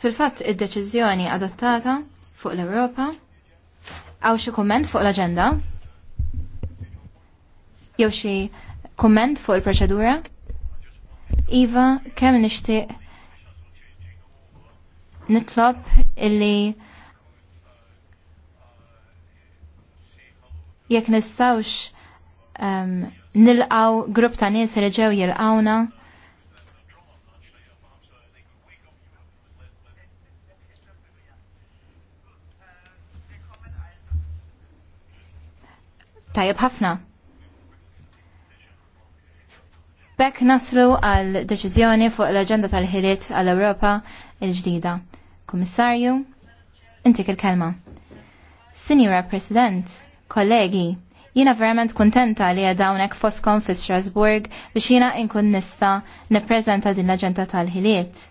Fil-fatt id-deċiżjoni adottata fuq l-Ewropa għaw xi komment fuq l-aġenda? Jew xi kumment fuq il-proċedura? Iva, kemm nixtieq nitlob illi jekk nistawx um, ehm, nilqaw grupp ta' nies li ġew jilqawna Tajab ħafna. Bekk naslu għal deċiżjoni fuq l-aġenda tal-ħiliet għall-Ewropa il-ġdida. Kummissarju, intik il-kelma. Senior President, kollegi, jina verament kontenta li għadawnek foskom fi Strasburg biex jina inkun nista neprezenta din l-aġenda tal-ħiliet.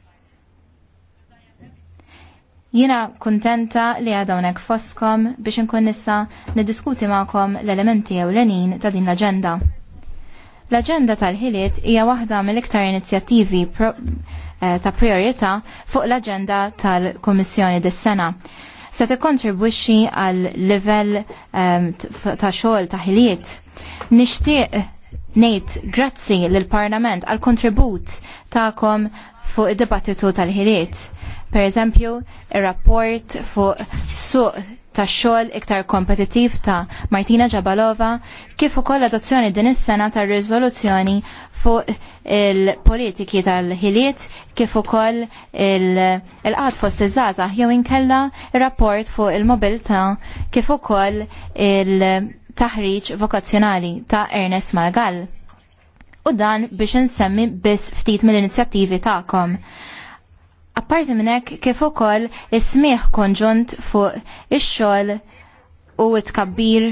Jina kontenta li għadawnek foskom biex nkun nissa nidiskuti ma'kom l-elementi ewlenin ta' din l-agenda. L-agenda tal-ħiliet hija waħda mill-iktar inizjattivi eh, ta' priorità fuq l-agenda tal kummissjoni dis-sena. Se tikkontribwixxi għal livell ehm, ta' xogħol ta' ħiliet. Nixtieq ngħid grazzi lill-Parlament għal kontribut tagħkom fuq id-dibattitu tal-ħiliet Per eżempju, il-rapport fuq suq tax xogħol iktar kompetittiv ta' Martina Ġabalova kif ukoll adozzjoni din is-sena tar riżoluzzjoni fuq il-politiki tal-ħiliet kif ukoll il-qad fost iż-żgħażagħ jew inkella rapport fuq il-mobilità kif ukoll il-taħriġ vokazzjonali ta' Ernest Malgal. U dan biex insemmi biss ftit mill-inizjattivi tagħkom. Apparti minn hekk kif ukoll is-smieħ konġunt fuq ix-xogħol u t-kabbir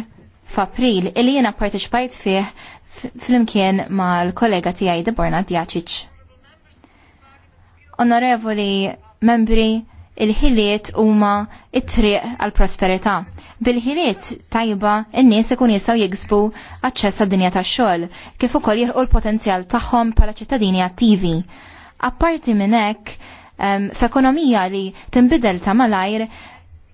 f'April illi jiena parteċipajt fih flimkien mal-kollega tiegħi Deborna Djaċiċ. Onorevoli membri, il-ħiliet huma it-triq għal prosperità. Bil-ħiliet tajba in-nies ikun jistgħu jiksbu aċċess għad-dinja tax-xogħol kif ukoll jirqu l-potenzjal tagħhom bħala ċittadini attivi. Apparti minn hekk, f'ekonomija li tinbidel ta' malajr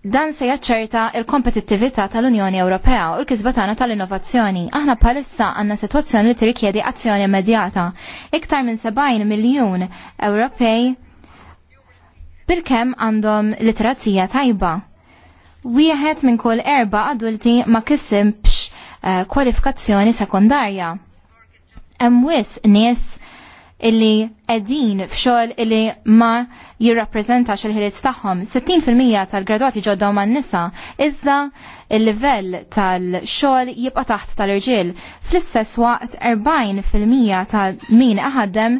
dan se jaċċerta il-kompetittività tal-Unjoni Ewropea u l-kisba tagħna tal-innovazzjoni. Aħna bħalissa għandna sitwazzjoni li tirrikjedi azzjoni immedjata. Iktar minn 70 miljun Ewropej bil-kem għandhom literazija tajba. Wieħed minn kull erba adulti ma kisibx eh, kwalifikazzjoni sekundarja. Hemm wis nies illi edin f'xogħol illi ma jirrappreżentax il-ħiliet tagħhom. 60% tal-gradwati ġodda huma nisa iżda il-livell tal-xogħol jibqa' taħt tal-irġiel. Fl-istess waqt 40% ta' min aħaddem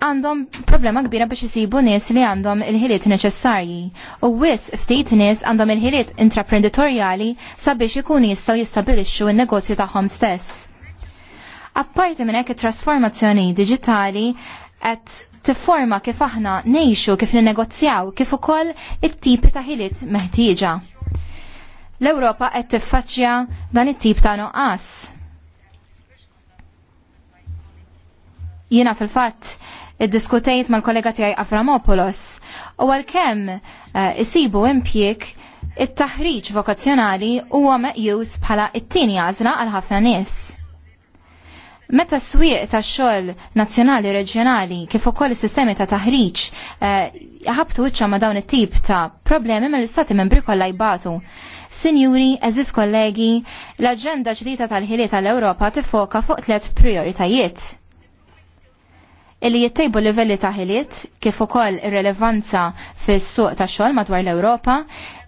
għandhom problema kbira biex isibu nies li għandhom il-ħiliet neċessarji. U wis ftit nies għandhom il-ħiliet intraprenditorjali sabiex ikun jistgħu jistabilixxu n-negozju tagħhom stess. Apparti minn hekk it-trasformazzjoni diġitali qed tifforma kif aħna neħxu kif n-negozzjaw kif ukoll it-tipi ta' ħiliet meħtieġa. L-Ewropa qed tiffaċċja dan it-tip ta' noqqas. Jiena fil-fatt iddiskutejt mal-kollega tiegħi Aframopoulos u għalkemm eh, isibu impjek it-taħriġ vokazzjonali huwa meqjus bħala it-tieni għażla għal ħafna nies Meta s-swieq ta' xogħol nazzjonali reġjonali kif ukoll is-sistemi ta' taħriġ eh, ħabtu wiċċa ma' dawn it-tip ta' problemi mill-istati membri kollha jbatu. Sinjuri, eżis kollegi, l-aġenda ġdida tal-ħiliet tal-Ewropa tifoka fuq tliet prioritajiet illi jittejbu livelli ta' ħiliet kif ukoll ir-relevanza fis-suq tax-xogħol madwar l-Ewropa,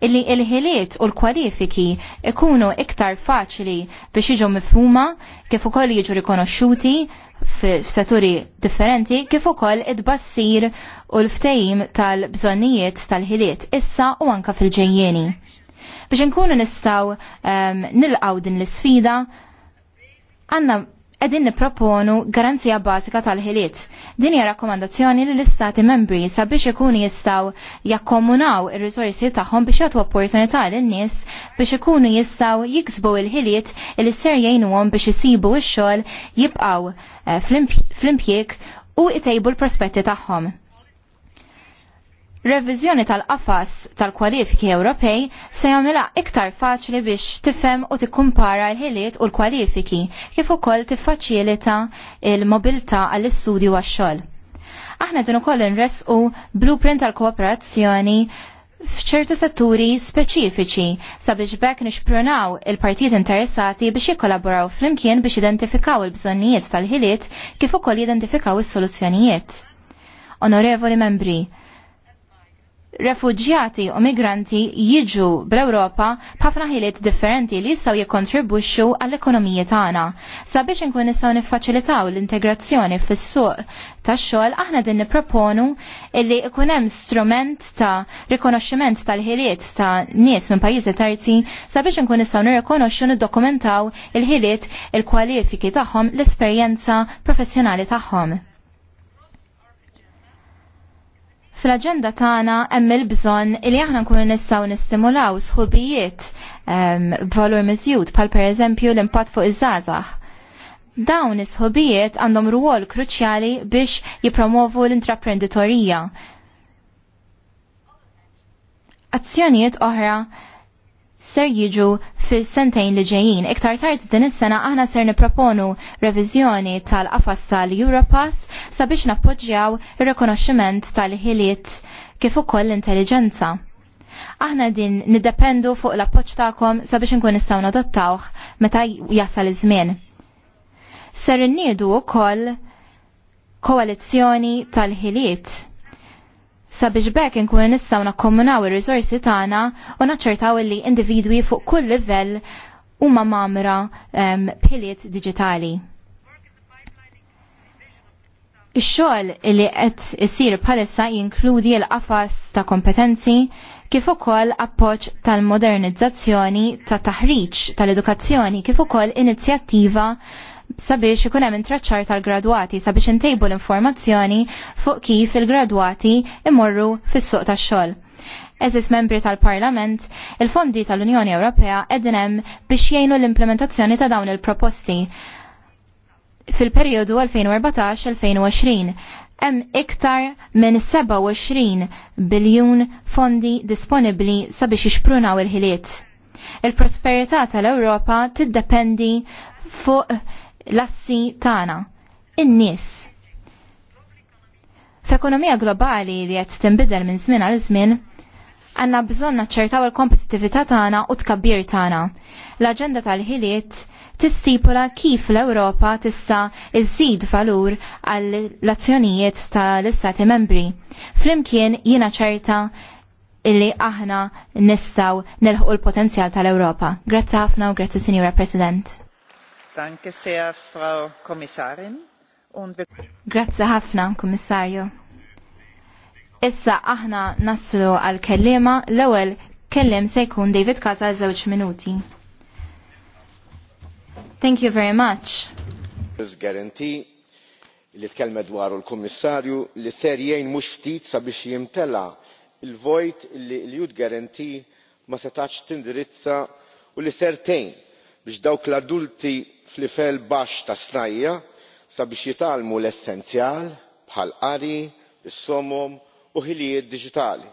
illi l-ħiliet u l-kwalifiki ikunu iktar faċli biex jiġu mifhuma kif ukoll jiġu rikonoxxuti f'setturi differenti kif ukoll id-bassir u l-ftejim tal-bżonnijiet tal-ħiliet issa u anka fil-ġejjeni biex nkunu nistaw um, nilqaw din l-sfida, għanna edin niproponu garanzija basika tal-ħiliet. Din hija rakkomandazzjoni li l-istati membri sabiex ikunu jistaw jakkomunaw ir-risorsi tagħhom biex jagħtu opportunità lin nies biex ikunu jistaw jiksbu il-ħiliet li ser jgħinuhom biex isibu x-xogħol jibqgħu eh, fl-impjieg u jtejbu l-prospetti tagħhom. Revizjoni tal-qafas tal-kwalifiki Ewropej se jagħmilha iktar faċli biex tifhem u tikkumpara l-ħiliet u l-kwalifiki kif ukoll tiffaċilita l-mobilità għall-istudju għax-xogħol. Aħna din ukoll inresqu blueprint tal-kooperazzjoni f'ċertu setturi speċifiċi sabiex bekk nixprunaw il-partijiet interessati biex jikkolaboraw flimkien biex identifikaw il-bżonnijiet tal-ħiliet kif ukoll jidentifikaw is-soluzzjonijiet. Onorevoli membri, refugjati u migranti jiġu bl-Ewropa b'ħafna ħiliet differenti li jistgħu jikkontribwixxu għall-ekonomiji tagħna. Sabiex inkun nistgħu niffaċilitaw l-integrazzjoni fis-suq tax-xogħol aħna din nipproponu illi ikun hemm strument ta' rikonoxximent tal-ħiliet ta' nies minn pajjiżi terzi sabiex inkun nistgħu nirrikonoxxu niddokumentaw il-ħiliet il-kwalifiki tagħhom l-esperjenza professjonali tagħhom. Fl-agenda tagħna hemm il-bżonn li aħna nkunu nistgħu nistimulaw sħubijiet ehm, b'valur miżjud bħal pereżempju l-impatt fuq iż-żgħażagħ. Dawn is-sħubijiet għandhom rwol kruċjali biex jipromovu l-intraprenditorija. Azzjonijiet oħra ser jiġu fil-sentejn li ġejjin. Iktar tard din is-sena aħna ser nipproponu reviżjoni tal-qafas tal-Europass sabiex nappoġġjaw ir-rikonoxximent tal-ħiliet kif ukoll l-intelligenza. Aħna din nidependu fuq l-appoġġ tagħkom sabiex inkun nistgħu nadottawh meta jasal iż-żmien. Ser innidu wkoll koalizzjoni tal-ħiliet sabiex bekk inkunu nistgħu nakkomunaw ir-riżorsi tagħna u naċċertaw li individwi fuq kull livell huma mamra b'ħiliet diġitali. Ix-xogħol li qed isir bħalissa jinkludi l-qafas ta' kompetenzi kif ukoll appoġġ tal-modernizzazzjoni ta' taħriġ tal-edukazzjoni kif ukoll inizjattiva sabiex ikun hemm intraċċar tal-gradwati sabiex intejbu l-informazzjoni fuq kif il-gradwati imorru fis-suq tax-xogħol. Eżis membri tal-Parlament, il-fondi tal-Unjoni Ewropea qegħdin hemm biex jgħinu l-implementazzjoni ta' dawn il-proposti fil-periodu 2014-2020 hemm iktar minn 27 biljun fondi disponibbli sabiex jixprunaw il-ħiliet. Il-prosperità tal-Ewropa tiddependi fuq l-assi tagħna, in-nies. F'ekonomija globali li qed tinbidel minn żmien għal żmien, għandna bżonn naċċertaw il-kompetittività tagħna u tkabbir tagħna. L-aġenda tal-ħiliet tistipula kif l-Ewropa tista' iżid valur għall azzjonijiet tal-Istati membri. Flimkien jiena ċerta illi aħna nistaw nilħqu l-potenzjal tal-Ewropa. Grazzi ħafna u grazzi Sinjura President. Danke sehr, Frau Kommissarin. Grazzi ħafna, Kommissarju. Issa aħna naslu għal kellima l-ewwel kellim se jkun David Kaza żewġ minuti. Thank you very much. li tkellme dwaru l-Kummissarju li ser jgħin mhux ftit sabiex jimtela il-vojt li l jud Guarantee ma setax tindirizza u li ser tejn biex dawk l-adulti fl-ifel baxx ta' snajja sabiex jitalmu l-essenzjal bħal qari, is-somom u ħilijiet diġitali.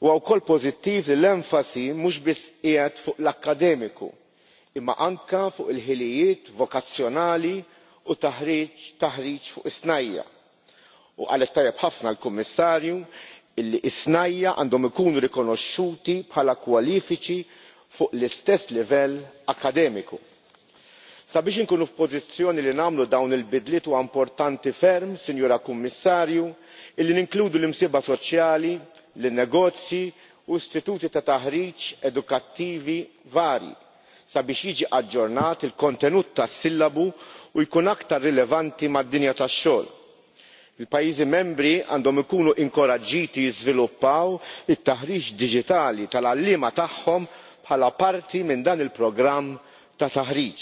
għaw wkoll pożittiv li l-enfasi mhux biss qiegħed fuq l-akkademiku imma anke fuq il ħilijiet vokazzjonali u taħriġ fuq is-snajja u qalet tajjeb ħafna l-kummissarju illi s-snajja għandhom ikunu rikonoxxuti bħala kwalifiċi fuq l-istess livell akademiku. sabiex inkunu f'pożizzjoni li nagħmlu dawn il bidliet huwa importanti ferm sinjura kummissarju illi ninkludu l-imsieba soċjali lin negozji u istituti ta' taħriġ edukattivi varji sabiex jiġi aġġornat il kontenut tas-sillabu u jkun aktar rilevanti mad-dinja tax-xogħol. il pajjiżi membri għandhom ikunu inkoraġġiti jiżviluppaw it taħriġ diġitali tal għalliema tagħhom bħala parti minn dan il programm ta' taħriġ.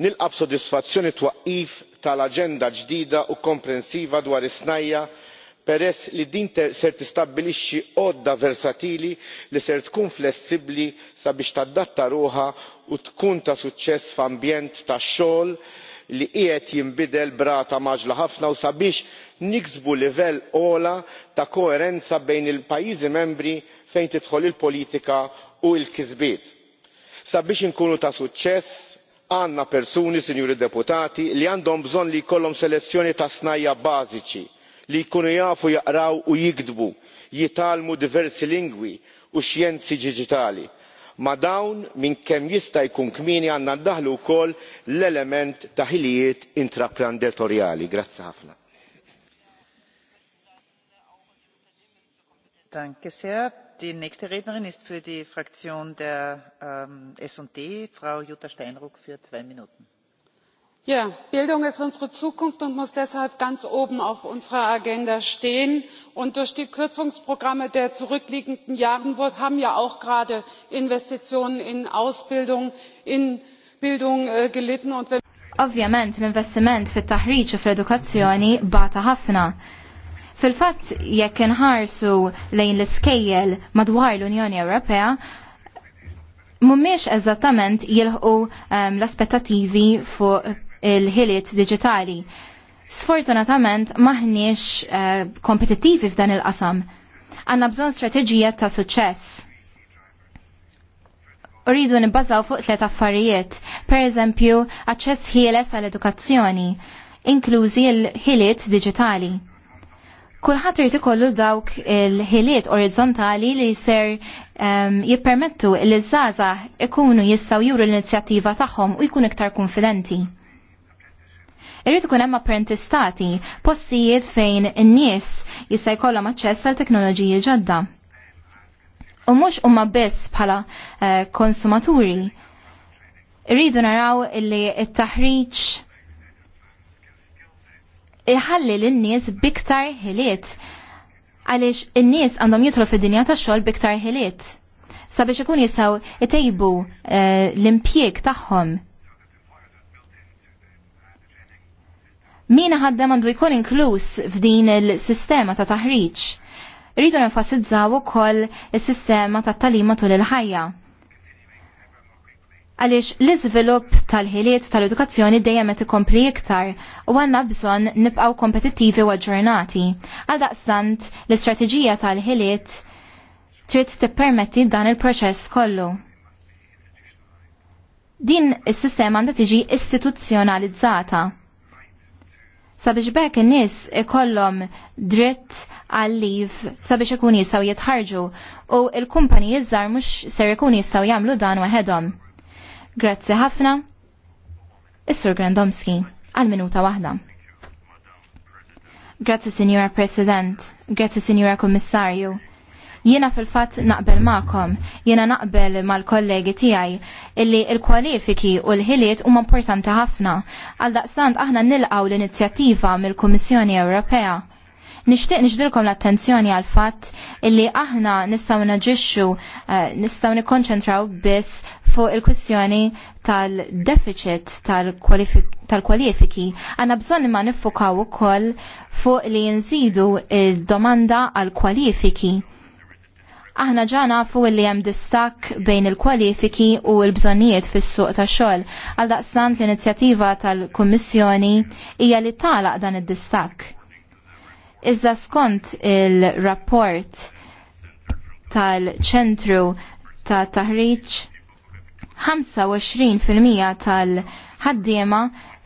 nilqa b'sodisfazzjoni twaqqif tal aġenda ġdida u komprensiva dwar is snajja peress li din se tistabbilixxi għodda versatili li se tkun flessibbli sabiex tadatta ruħha u tkun ta' suċċess f'ambjent tax-xogħol li qiegħed jinbidel b'rata maġla ħafna u sabiex niksbu livell ogħla ta' koerenza bejn il-pajjiżi membri fejn tidħol il-politika u l-kisbiet. Sabiex inkunu ta' suċċess għandna persuni sinjuri deputati li għandhom bżonn li jkollhom selezzjoni ta' snajja bażiċi li jkunu jafu jaqraw u jiktbu jitgħallmu diversi lingwi u xjenzi diġitali ma dawn minn kemm jista' jkun kmieni għandna ndaħlu wkoll l-element ta' ħiliet intraprenditorjali. Grazzi ħafna. Danke sehr. Die nächste Rednerin ist für die Fraktion der ähm, S&D Frau Jutta Steinruck für zwei Minuten. Ja, Bildung ist unsere Zukunft und muss deshalb ganz oben auf unserer Agenda stehen. Und durch die Kürzungsprogramme der zurückliegenden Jahre haben ja auch gerade Investitionen in Ausbildung, in Bildung äh, gelitten. Und wenn Ovvjament l-investiment fit-taħriġ u fl-edukazzjoni bata ħafna. Fil-fatt jekk inħarsu lejn l-iskejjel madwar l-Unjoni Ewropea, mhumiex eżattament jilħqu um, ehm, l-aspettativi fuq il-ħiliet digitali. Sfortunatament maħniex uh, kompetittivi f'dan il-qasam. Għanna bżon strateġija ta' suċess. Rridu nibbażaw fuq tliet affarijiet, per eżempju, aċċess ħieles għall edukazzjoni inklużi l-ħiliet digitali. Kulħadd irid ikollu dawk il-ħiliet orizzontali li ser um, jippermettu li żgħażagħ ikunu jistgħu juru l-inizjattiva tagħhom u jkunu iktar konfidenti. Irrid ikun hemm apprentistati, postijiet fejn in-nies jista' jkollhom aċċess għal teknoloġiji ġodda. U mhux huma biss bħala eh, konsumaturi. Irridu naraw li t-taħriġ iħalli lin-nies biktar ħiliet għaliex in-nies għandhom jidħlu fid-dinja tax-xogħol biktar ħiliet sabiex ikun jistgħu itejbu eh, l-impjieg tagħhom min ħaddem għandu jkun inkluż f'din il-sistema ta' taħriġ. Rridu nenfasizzaw ukoll is-sistema ta' talima tul il-ħajja għaliex l-iżvilupp tal-ħiliet tal-edukazzjoni dejjem qed ikompli iktar u għandna bżonn nibqgħu kompetittivi u aġġornati. Għal daqstant l-istrateġija tal-ħiliet trid tippermetti dan il-proċess kollu. Din is-sistema għandha tiġi istituzzjonalizzata sabiex bekk in-nies ikollhom dritt għal-liv sabiex ikun jistgħu jitħarġu u l-kumpani jizzar mhux ser ikun jistgħu jagħmlu dan waħedhom. Grazzi ħafna. Is-Sur Grandomski għal minuta waħda. Grazzi Sinjora President, grazzi Sinjora Kommissarju. Jiena fil-fatt naqbel ma'kom, jiena naqbel mal-kollegi tiegħi illi l-kwalifiki u l-ħiliet huma importanti ħafna. Għal daqsant aħna nilqgħu l-inizjattiva mill-Kummissjoni Ewropea. Nixtieq nixdilkom l-attenzjoni għal fatt illi aħna nistgħu naġixxu eh, nistgħu nikkonċentraw biss fuq il-kwistjoni tal-deficit tal-kwalifiki. Għanna bżon ma nifukaw ukoll fuq li nżidu il-domanda għal kwalifiki. Aħna ġana fu li hemm distak bejn il-kwalifiki u l-bżonnijiet fis-suq tax-xogħol. Għal daqstant l-inizjattiva tal-Kummissjoni hija li tagħlaq dan id-distak. Iżda skont il-rapport tal-ċentru ta' taħriġ 25% tal-ħaddiema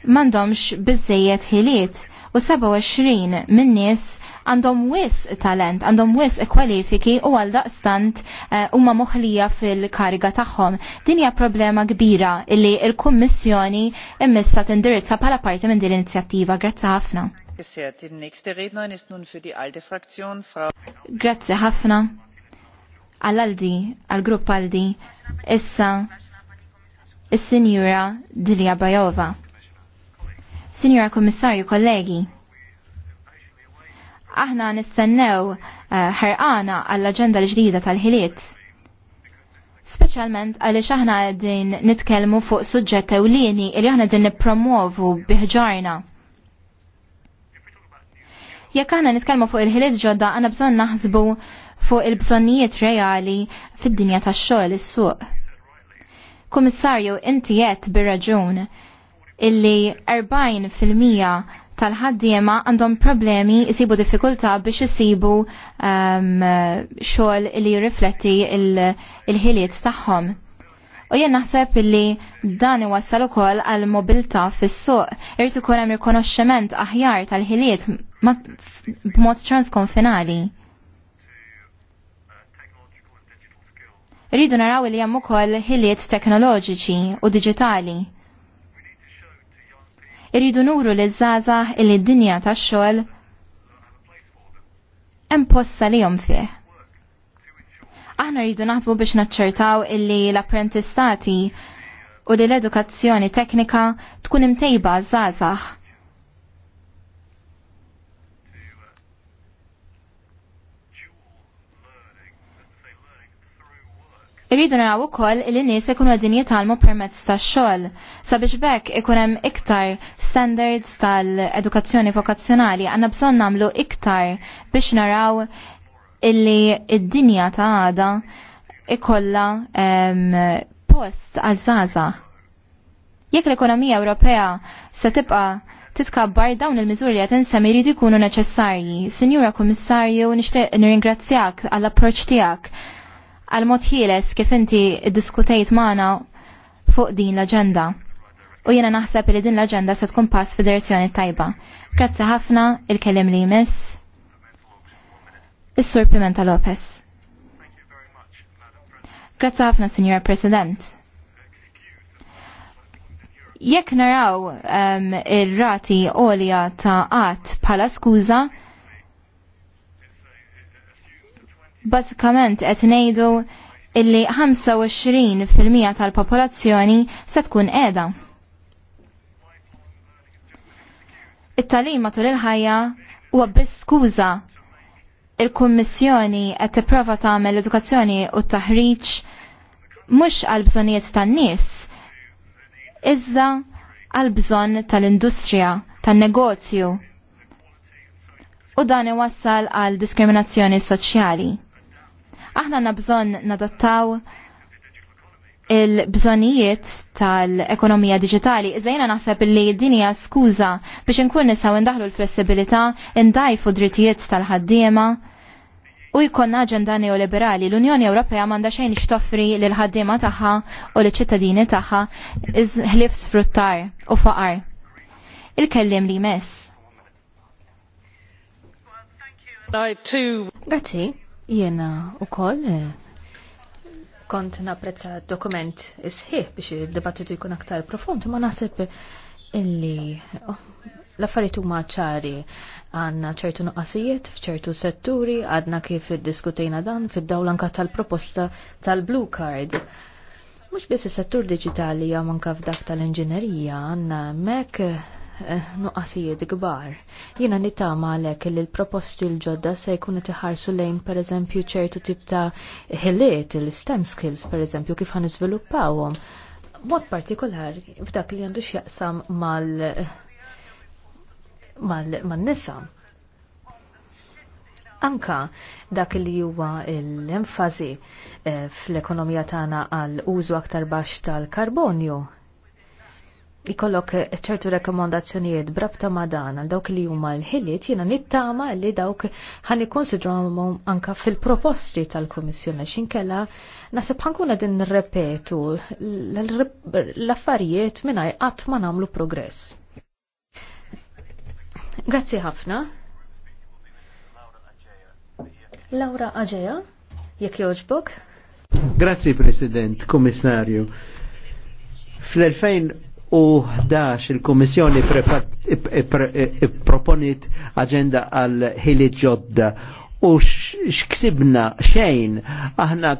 m'għandhomx biżżejjed ħiliet u 27 min-nies għandhom wis talent, għandhom wis kwalifiki u għal daqstant eh, huma moħlija fil-kariga tagħhom. Din hija problema kbira illi il-Kummissjoni immissa tindirizza bħala parti minn din l-inizjattiva. Grazzi ħafna. Grazzi ħafna. Għall-Aldi, għall-Grupp Aldi, issa is-Sinjura Dilja Bajova. Sinjura Kommissarju, kollegi, Aħna nistennew eh, ħerqana għall-aġenda l-ġdida tal-ħiliet. Speċjalment għaliex aħna din nitkellmu fuq suġġett ewlieni li aħna din nippromovu biħġarna. Jekk aħna nitkellmu fuq il-ħiliet ġodda għandna bżonn naħsbu fuq il-bżonnijiet reali fid-dinja tax-xogħol is-suq. Kummissarju, inti qed bir-raġun illi 40% tal-ħaddiema għandhom problemi jisibu diffikultà biex jisibu um, xogħol li jirrifletti il-ħiliet il tagħhom. U jien naħseb li dan iwassal ukoll għal mobilità fis-suq. Irid ikun hemm rikonoxximent aħjar tal-ħiliet b'mod transkonfinali. Rridu naraw li hemm ukoll ħiliet teknoloġiċi u diġitali Irridu nuru li zaza li d-dinja tax-xogħol hemm li jom fih. Aħna rridu naħtbu biex naċċertaw illi l-apprentistati u li l-edukazzjoni teknika tkun imtejba zazax Irridu naraw ukoll li nies ikunu qegħdin jitalmu permezz tax-xogħol sabiex bekk ikun hemm iktar standards tal-edukazzjoni vokazzjonali għandna bżonn nagħmlu iktar biex naraw illi id-dinja ta' għada ikolla post għal żaża. Jekk l-ekonomija Ewropea se tibqa' titkabbar dawn il-miżuri li qed insemmi jridu jkunu neċessarji. Sinjura Kummissarju, nixtieq nirringrazzjak għall-approċċ tiegħek għal mod ħieles kif inti diskutejt magħna fuq din l-aġenda. U jiena naħseb li din l-aġenda se tkun pass fi direzzjoni tajba. Grazzi ħafna il-kelim li jmiss. Is-Sur Pimenta Lopez. Grazzi ħafna, Signor President jekk naraw um, ir-rati għolja ta' għat bħala skuża, Basikament qed ngħidu illi 25% tal-popolazzjoni se tkun qiegħda. it tagħlim matul il-ħajja huwa biss skuża il-Kummissjoni qed tipprova tagħmel l-edukazzjoni u t-taħriġ mhux għal bżonnijiet tan-nies, iżda għal bżonn tal-industrija, tan-negozju. U dan iwassal għal diskriminazzjoni soċjali. Aħna nabżon nadattaw il-bżonijiet tal-ekonomija digitali. Iżajna naħseb li din hija skuża biex inkun nisaw indaħlu l-flessibilità, indajfu drittijiet tal-ħaddiema. U jkollna aġenda neoliberali, l-Unjoni Ewropea m'għandha xejn xtoffri l ħaddiema tagħha u l ċittadini tagħha ħlief sfruttar u faqar. Il-kellim li mess. Grazie. Jena u koll eh, kont napprezza dokument isħiħ biex il debattitu jkun aktar profond, ma nasib illi oh, l-affarijiet huma ċari għandna ċertu nuqqasijiet f'ċertu setturi għadna kif iddiskutejna dan fid-dawl anka tal-proposta tal-Blue Card. Mhux biss is-settur diġitali jew anke f'dak tal-inġinerija għandna mek Eh, nuqqasijiet kbar. Jiena nitama għalhekk li l-proposti l-ġodda se jkunu tiħarsu lejn pereżempju ċertu tip ta' ħiliet, il-STEM skills pereżempju kif ħan iżviluppawhom. Mod partikolari f'dak li għandu x'jaqsam mal mal-nisa. Anka dak li huwa l-enfasi eh, fl-ekonomija tagħna għal użu aktar baxx tal-karbonju ikollok ċertu rekomandazzjonijiet brabta ma' dan għal dawk li huma l-ħiliet jiena nittama li dawk ħani konsidrawhom anka fil-proposti tal-Kummissjoni xinkella naħseb ħankun qegħdin nirrepetu l-affarijiet mingħajr qatt ma nagħmlu progress. Grazzi ħafna. Laura Aġeja, jekk joġbok. Grazzi President, Kommissarju. Fl-2000 u 11 il-Komissjoni proponit agenda għal ħili ġodda u x'ksibna xejn aħna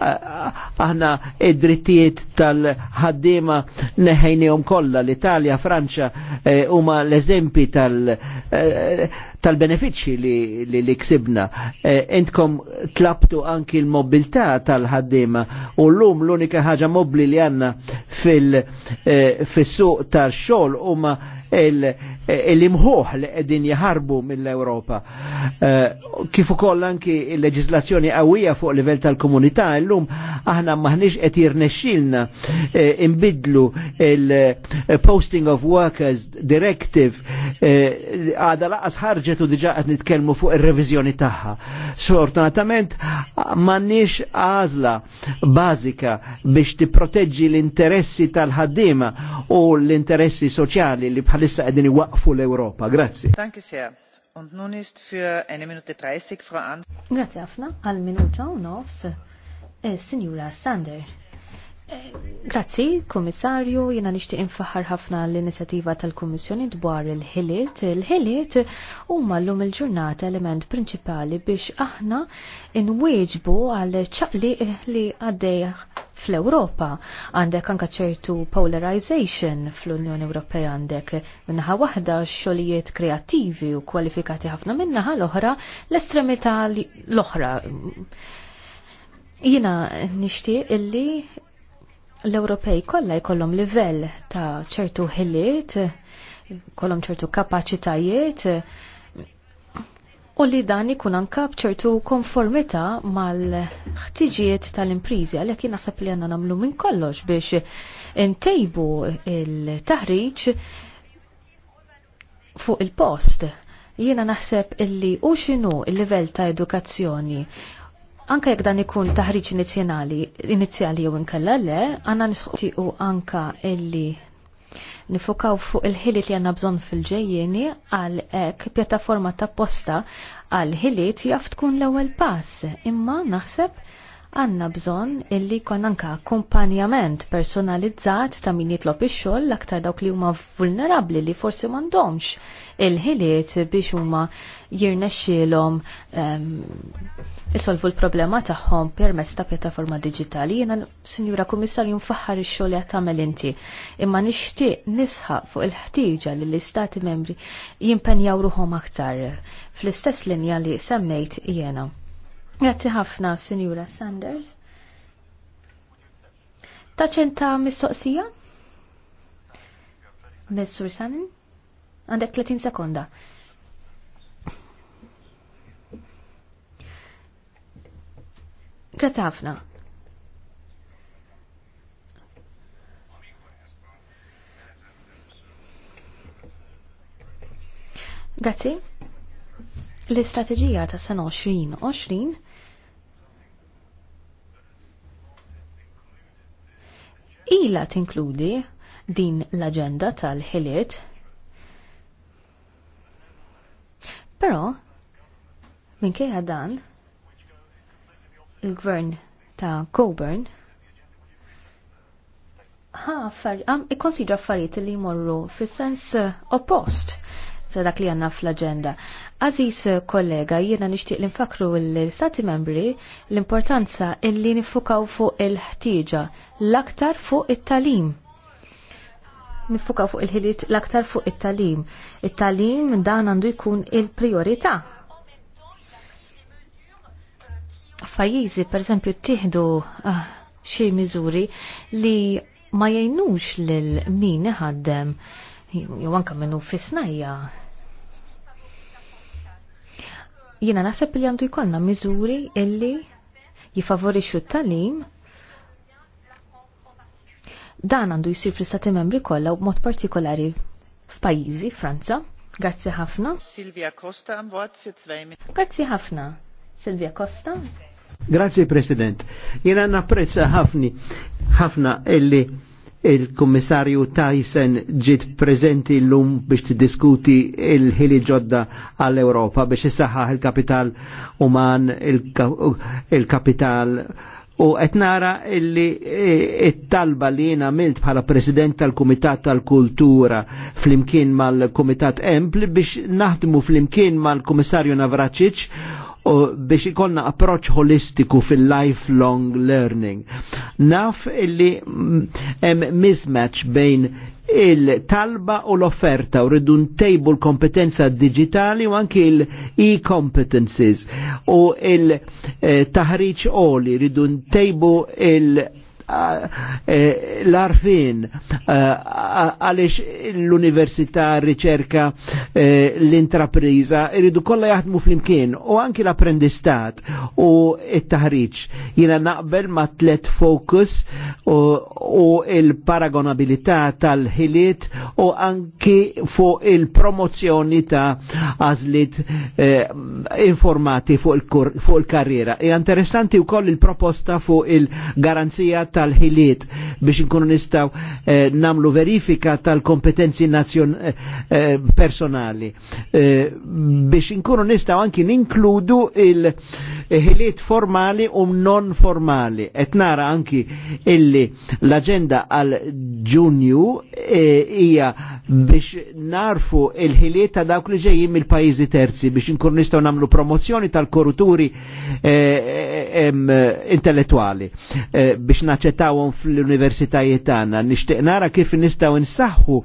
aħna id-drittijiet tal ħaddima neħejnijom kollha l-Italja, Franċa eh, huma e, l-eżempi tal- eh, tal-benefiċċji li, li, li ksibna. Entkom eh, tlabtu anki l-mobilità tal ħaddima u l-lum l-unika ħaġa mobli li għanna fil-suq fil tal-xol huma il- Eh, eh, l-imħuħ li qegħdin jaħarbu mill-Ewropa. Eh, kif ukoll anki l-leġislazzjoni qawwija fuq livell tal-komunità llum aħna maħniex qed jirnexxilna imbidlu il-Posting of Workers Directive għada laqas ħarġet u diġa qed nitkellmu fuq ir-reviżjoni tagħha. Sfortunatament m'għandniex għażla bażika biex tipproteġġi l-interessi tal-ħaddiema u l-interessi soċjali li bħalissa qegħdin iwaqgħu waqfu l-Ewropa. Grazzi. Danke sehr. Und nun ist für eine Minute 30 Frau An. Grazie ħafna għal minuta u nofs. Eh, signora Sander. Grazzi, komissarju, jena nishtiq infaħar ħafna l-inizjativa tal komissjoni dwar il-ħiliet. Il-ħiliet huma l-lum il-ġurnata element prinċipali biex aħna inwieġbu għal ċaqli li għaddej fl-Europa. Għandek anka ċertu polarization fl-Unjoni Ewropea għandek minnaħa waħda xogħlijiet kreattivi u kwalifikati ħafna minnaħa l-oħra l-estremità l-oħra. Jina nishtiq illi l-Ewropej kollha jkollhom livell ta' ċertu ħiliet, kollhom ċertu kapaċitajiet u li dan ikun anka bċertu konformità mal-ħtiġijiet tal-imprizi għalhekk jien naħseb li għandna nagħmlu minn kollox biex intejbu il-taħriġ fuq il-post jiena naħseb illi u xinu il-livell ta' edukazzjoni Anka jekk dan ikun taħriġ inizjali, inizjali jew inkella le, għanna nisħuqti u anka illi nifokaw fuq il-ħiliet li għandna bżonn fil-ġejjeni għal ek pjattaforma ta' posta għal ħiliet jaf tkun l-ewwel pass, imma naħseb għanna bżonn illi kon anka kumpanjament personalizzat ta' min jitlob ix-xogħol l-aktar dawk li huma vulnerabbli li forsi m'għandhomx il-ħiliet biex huma jirnexxielhom ehm, isolvu l-problema tagħhom permezz ta' pjattaforma diġitali. Jiena Sinjura Kummissarju nfaħħar ix-xogħol qed tagħmel inti, imma nixtieq nisħaq fuq il-ħtieġa li l-Istati membri jimpenjaw ruħhom aktar fl-istess linja li semmejt jiena. Grazzi ħafna, Sinjura Sanders. Taċenta mistoqsija? Messur Sanin? Għandek 30 sekonda. Grazie ħafna. Grazzi. L-istrateġija ta' sena 2020 ila tinkludi din l-agenda tal-ħiliet Però, kieħa dan, il-gvern ta' Coburn ħa affarijiet, ikkonsidra affarijiet li jmorru fis-sens eh, oppost sa dak li għanna fl-agenda. Aziz eh, kollega, jiena nishtiq li nfakru l-Stati membri l-importanza illi nifukaw fuq il-ħtieġa l-aktar fuq it-talim nifuka fuq il-ħiliet l-aktar fuq it-talim. It-talim dan għandu jkun il-priorità. Fajjiżi, per eżempju, tiħdu xie ah, xi miżuri li ma jgħinux lil min ħaddem jew anke minnu fisnajja. Jiena naħseb li għandu jkollna miżuri illi jifavorixxu t-talim Dan għandu jisir fl-istati membri kollha u b'mod partikolari f'pajjiżi, Franza. Grazzi ħafna. Silvia Costa am fi für zwei Grazzi ħafna. Silvia Costa. Grazzi President. Jena napprezza ħafni ħafna illi il-Kommissarju Tyson ġiet prezenti l-lum biex tiddiskuti il-ħili ġodda għall-Europa biex issaħħaħ il-kapital uman, il-kapital il kapital U qed nara illi e, it-talba li jena għamilt bħala President tal-Kumitat tal-Kultura flimkien mal-Kumitat Empl biex naħdmu flimkien mal-Kummissarju Navracic u biex ikollna approċ holistiku fil-lifelong learning. Naf illi mm, hemm mismatch bejn il-talba u l-offerta u rridu ntejbu l-kompetenza digitali u anki l e competences u il-taħriċ eh, oli rridu ntejbu il- Eh, l-arfin eh, għalix l-università, riċerka, eh, l-intrapriza irridu kollha jaħdmu flimkien u anki l-apprendistat u il taħriġ Jina naqbel ma tlet focus u il-paragonabilità tal-ħiliet u anki fuq il-promozzjoni ta' għazlit informati fuq il-karriera. E interessanti u koll il-proposta fuq il-garanzija ta' tal-ħiliet biex nkunu nistaw eh, namlu verifika tal-kompetenzi eh, eh, personali eh, biex nkunu nistaw anki ninkludu il-ħiliet formali u um non formali et nara anki illi l-agenda għal ġunju eh, hija biex narfu il-ħiliet ta' dawk li ġejjin mill-pajjiżi terzi biex nkunu nistaw nagħmlu promozzjoni tal-koruturi eh, intellettuali biex naċċettaw nitawhom fl-universitajiet tagħna. Nixtieq nara kif nistgħu nsaħħu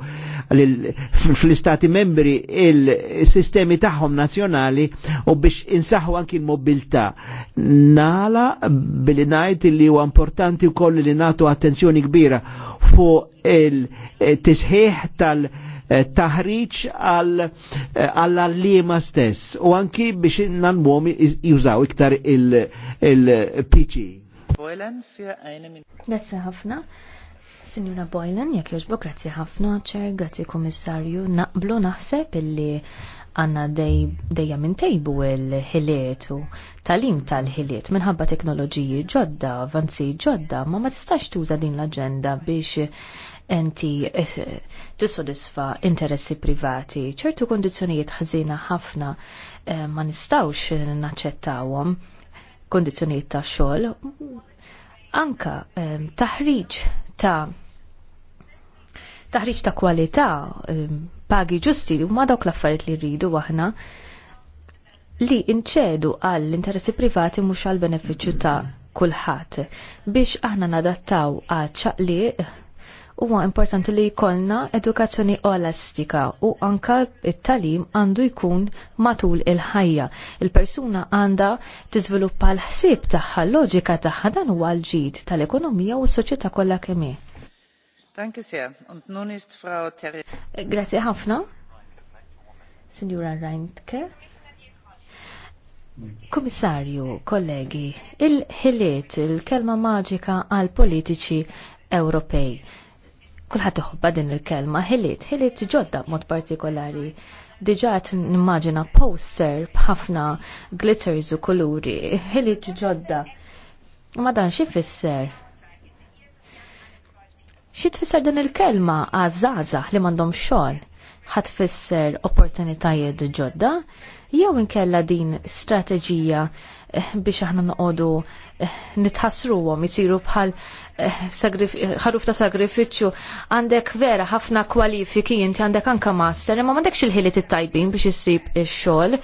fl-istati membri il-sistemi tagħhom nazzjonali u biex insaħħu anki l-mobilità. Nala billi ngħid li huwa importanti wkoll li nagħtu attenzjoni kbira fuq il-tisħiħ tal- taħriċ għall-allima stess u anki biex nalmum jużaw iktar il-PC. Grazzi ħafna. Signora Boylan, jekk joġbo, grazzi ħafna, ċer, grazie komissarju. Naqblu naħseb illi għanna dejja minn tejbu il-ħiliet u talim tal-ħiliet minħabba teknoloġiji ġodda, vanzi ġodda, ma ma tistax tuża din l-agenda biex enti eh, tissodisfa interessi privati. ċertu kondizjonijiet ħazina ħafna eh, ma nistawx naċċettawhom kondizzjonijiet ta' xogħol, anka um, taħriġ ta' taħriġ ta' kwalità, um, pagi ġusti huma dawk l-affarijiet li rridu aħna li inċedu għall interessi privati mhux għall benefiċċju ta' kulħadd biex aħna nadattaw għal ċaqliq huwa importanti li jkollna edukazzjoni olastika u anka it-talim għandu jkun matul il-ħajja. Il-persuna għandha tiżviluppa l-ħsieb tagħha, l-loġika tagħha dan huwa l-ġid tal-ekonomija u s-soċjetà kollha kemm hi. Danke sehr. Und nun ist Frau Terry. Grazie ħafna. Signora Reintke. Komissarju, kollegi, il-ħiliet, il-kelma maġika għal politiċi Ewropej. Kulħadd iħobba din il-kelma ħiliet, ħiliet ġodda b'mod partikolari. Diġà qed nimmaġina poster b'ħafna glitters u kuluri, ħiliet ġodda. Ma dan xi fisser? Xi tfisser din il-kelma għazaza li m'għandhom xogħol? Ħadd tfisser opportunitajiet ġodda? Jew inkella din strateġija Eh, biex aħna noqogħdu eh, nitħassruhom isiru bħal eh, ħaruf ta' sagrifiċċju għandek vera ħafna kwalifiki inti għandek anka master imma m'għandekx il-ħiliet it-tajbin biex issib ix-xogħol.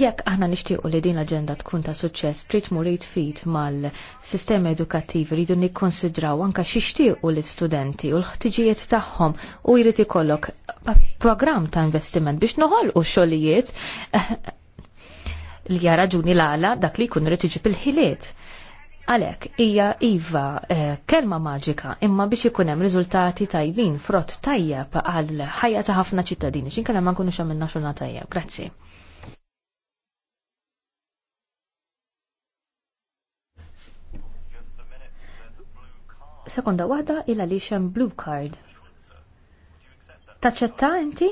Jekk aħna nixtiequ li din l-aġenda tkun ta' suċċess trid murid fit mal-sistema edukattiv iridu nikkonsidraw anke xixtiequ l-istudenti u l-ħtiġijiet tagħhom u jrid ikollok programm ta' investiment biex noħolqu xogħlijiet li hija raġuni l-għala dak li jkun iġib il ħiliet Għalek, hija iva eh, kelma maġika imma biex ikun hemm riżultati tajbin frott tajjeb għal ħajja ta' ħafna ċittadini x'inkella ma nkunux għamilna naxuna tajjeb. Grazzi. Sekonda waħda il għaliex hemm blue card. Taċċetta inti?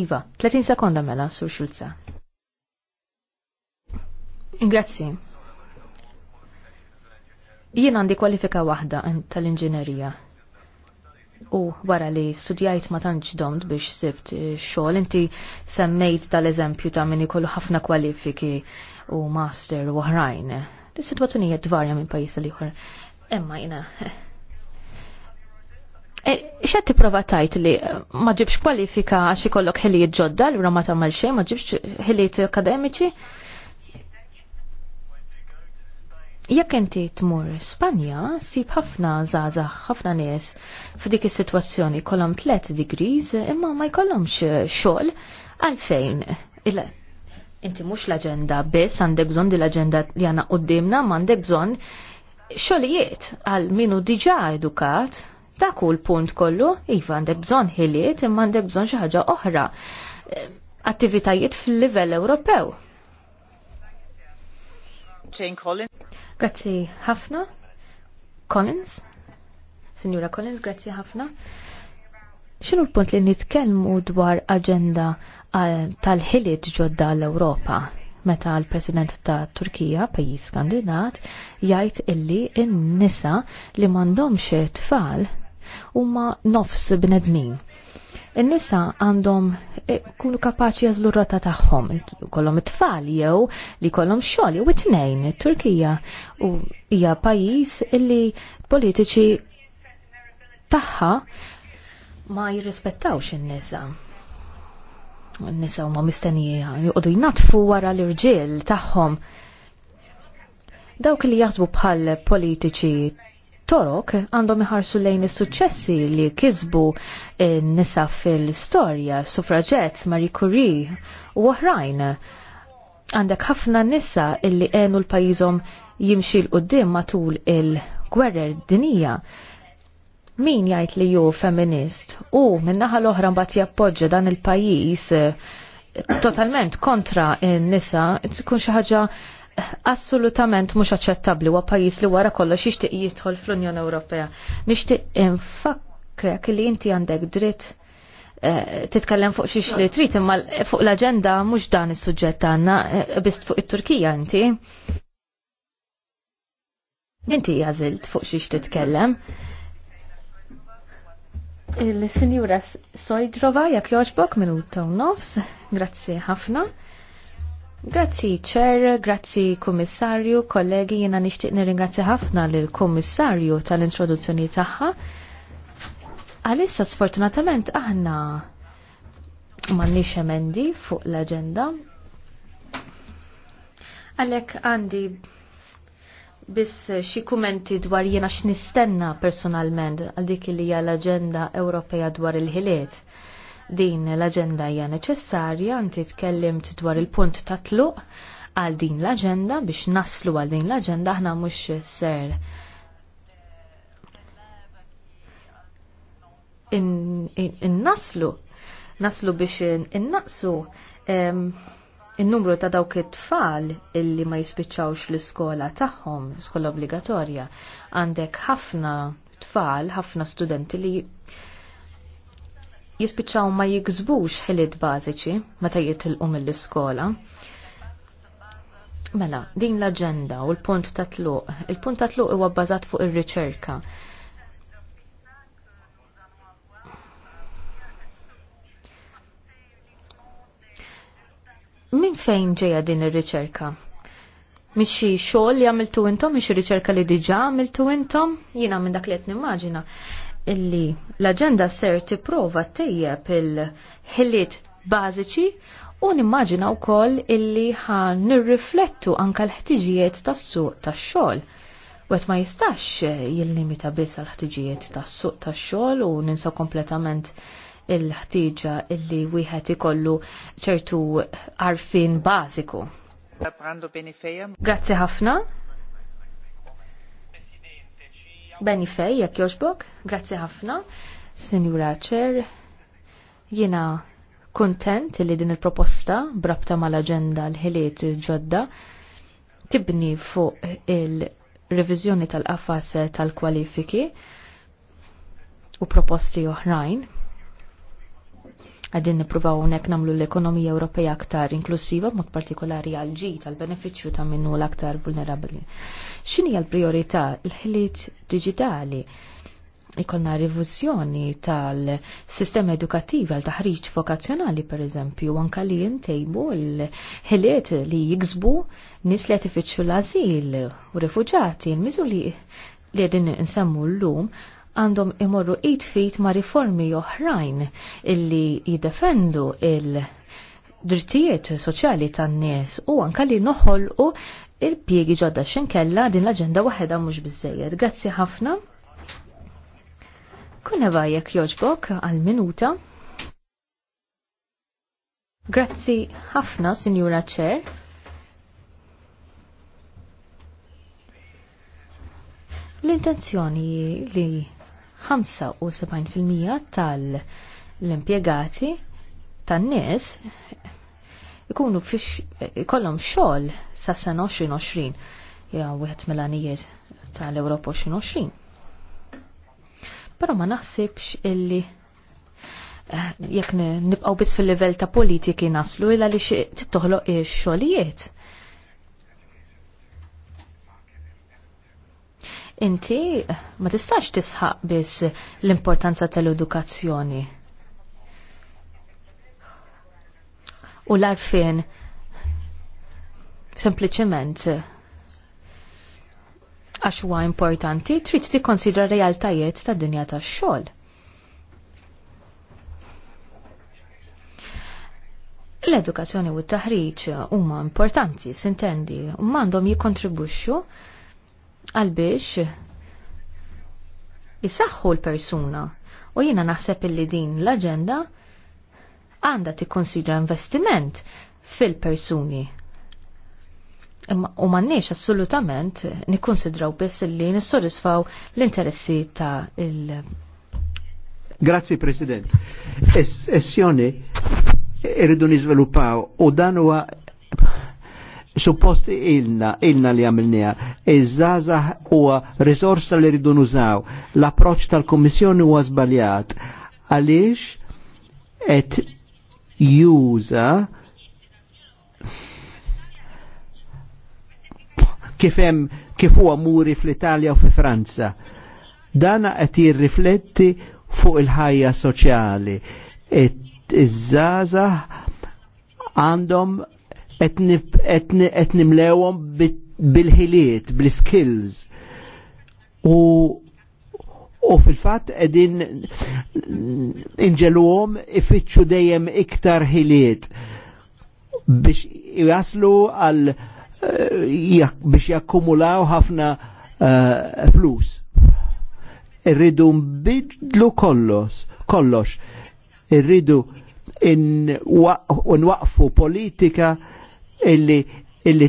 Iva, 30 sekonda mela, Sur Xulza. Ingrazzi. Jien għandi kwalifika waħda tal-inġinerija. U wara li studjajt ma tantx domt biex sibt xogħol inti semmejt tal-eżempju ta' min ikollu ħafna kwalifiki u master u oħrajn. Is-sitwazzjoni hija tvarja minn pajjiż li ieħor. Emma jiena e, Xed tipprova tajt li ma ġibx kwalifika għax ikollok ħiliet ġodda l ma tagħmel xejn, ma ġibx ħilijiet akademiċi, jekk inti tmur Spanja, sib ħafna zaza, ħafna nies f'dik is-sitwazzjoni kolom tliet degrees imma ma jkollhomx xogħol għalfejn. Inti mhux l-aġenda biss għandek bżonn din l-aġenda li għandna qudiemna m'għandek bżonn xogħlijiet għal minu diġà edukat dak hu l-punt kollu, iva għandek bżonn ħiliet imma għandek bżonn xi ħaġa oħra attivitajiet fil-livell Ewropew. Jane Collins. Grazzi ħafna. Collins. Signora Collins, grazzi ħafna. Xinu l-punt li nitkellmu dwar agenda eh, tal-ħiliet ġodda l-Ewropa meta l-President ta' Turkija, pajjiż kandidat, jgħid illi n-nisa li m'għandhomx tfal huma nofs bnedmin in-nisa għandhom eh, kunu kapaċi jazlu rota taħħom, kollhom tfal jew li kollhom xogħol jew it-tnejn. Turkija u hija pajjiż illi politiċi taħħa ma jirrispettawx in-nisa. N-nisa huma mistennija jqogħdu jnatfu wara l-irġiel tagħhom. Dawk li jaħsbu bħal politiċi torok għandhom iħarsu lejn is-suċċessi li kisbu nisa fil-istorja, suffraġett, Marie Curie u oħrajn. Għandek ħafna nisa illi għenu l-pajizom jimxi l-qoddim matul il-gwerrer dinija min jgħid li ju feminist u minnaħa l-oħra mbagħad jappoġġa dan il-pajjiż eh, totalment kontra n-nisa tkun xi ħaġa assolutament mhux aċċettabbli huwa pajjiż li wara kollox jixtieq jidħol fl-Unjoni Ewropea. Nixtieq infakkre li inti għandek dritt eh, titkellem fuq xiex li trid imma fuq l-aġenda mhux dan is-suġġett għandna eh, biss fuq it-Turkija inti. Inti jażilt fuq xiex titkellem. Il-Sinjura Sojdrova, jak joġbok minuta u nofs, grazzi ħafna. Grazzi ċer, grazzi kummissarju, kollegi, jena nishtiq nirringrazzi ħafna l kummissarju tal-introduzzjoni tagħha. Għalissa sfortunatament aħna m'għandniex emendi fuq l-aġenda. Għalhekk għandi biss xi kumenti dwar jiena x'nistenna personalment għal dik li hija l-aġenda Ewropea dwar il-ħiliet Din l-aġenda hija neċessarja, inti tkellimt dwar il-punt ta' tluq għal din l-aġenda biex naslu għal din l-aġenda aħna mhux ser in naslu biex innaqsu il-numru ta' dawk it-tfal illi ma jispiċċawx l-iskola tagħhom, skola obbligatorja, għandek ħafna tfal, ħafna studenti li jispiċċaw ma jikżbux ħiliet bażiċi meta jitilqu mill-iskola. Mela, din l-agenda u l-punt ta' tluq. Il-punt ta' tluq huwa bbażat fuq ir-riċerka. Min fejn ġeja din ir-riċerka? Mix xi xogħol li għamiltu intom, mhix riċerka li diġà għamiltu intom, jiena minn dak li qed nimmaġina illi l-agenda ser tipprova tejja il-ħiliet bażiċi u nimmaġina wkoll illi ħan nirriflettu anka l-ħtiġijiet tas-suq tax-xogħol. Wet ma jistax jillimita biss l ħtiġijiet tas-suq tax-xogħol u ninsa kompletament il-ħtiġa illi wieħed ikollu ċertu arfin bażiku. Grazzi ħafna. Benni fej, jekk joġbok, grazzi ħafna, Senjura Ċer, jena kontent li din il-proposta brabta mal-agenda l-ħiliet ġodda tibni fuq il-revizjoni tal-qafas tal-kwalifiki u proposti oħrajn Għadin niprufaw unek namlu l-ekonomija Ewropea aktar inklusiva, mod partikolari għal ġi tal-beneficju ta' minnu l-aktar vulnerabli. Xini għal priorita l-ħiliet digitali? Ikonna revizjoni tal-sistema edukativa għal taħriġ vokazzjonali per eżempju, anka li jintejbu l-ħiliet li jiksbu nis li għatifiċu l-azil u refuġati, l-mizu li li għedin nsemmu l-lum għandhom imorru id-fit ma' riformi oħrajn illi jiddefendu il-drittijiet soċjali tan-nies u anka li noħolqu il-pjegi ġodda xinkella din l-aġenda waħedha mhux biżejjed. Grazzi ħafna. Kuneva jekk joġbok għal-minuta. Grazzi ħafna, Sinjura Ċer. l-intenzjoni li 75% tal-impjegati tan-nies ikunu kollhom xogħol sa sena 2020 jew wieħed mill-għanijiet tal-Ewropa 2020. Però ma naħsibx illi eh, jekk nibqgħu biss fil-livell ta' politiki naslu illa li tittoħloq ix-xogħlijiet. inti ma tistax tisħaq biss l-importanza tal-edukazzjoni. U l-arfin sempliciment għax huwa importanti trid tikkonsidra realtajiet tad-dinja tax-xogħol. L-edukazzjoni u t-taħriġ huma importanti, sintendi, u għandhom jikkontribwixxu għalbiex jisaxħu l-persuna u jiena naħseb li din l-agenda għanda tikkonsidra investiment fil-persuni. U mannix assolutament nikkonsidraw biss li nissodisfaw l-interessi ta' il- Grazzi President. Essjoni irridu nizviluppaw u dan huwa suppost ilna, ilna li għamilnija, iż-żaza huwa risorsa li rridu nużaw. L-approċ tal-Kommissjoni huwa żbaljat. Għaliex qed juża kif hemm kif huwa muri fl-Italja u fi Franza. Dana qed jirrifletti fuq il-ħajja soċjali. Iż-żaza għandhom qed nimlewhom bil-ħiliet, bil-skills. U u fil-fatt qegħdin inġeluhom ifittxu dejjem iktar ħiliet biex jaslu għal eh, biex jakkumulaw ħafna eh, flus. Irridu nbidlu kollox, kollox. Irridu nwaqfu politika illi illi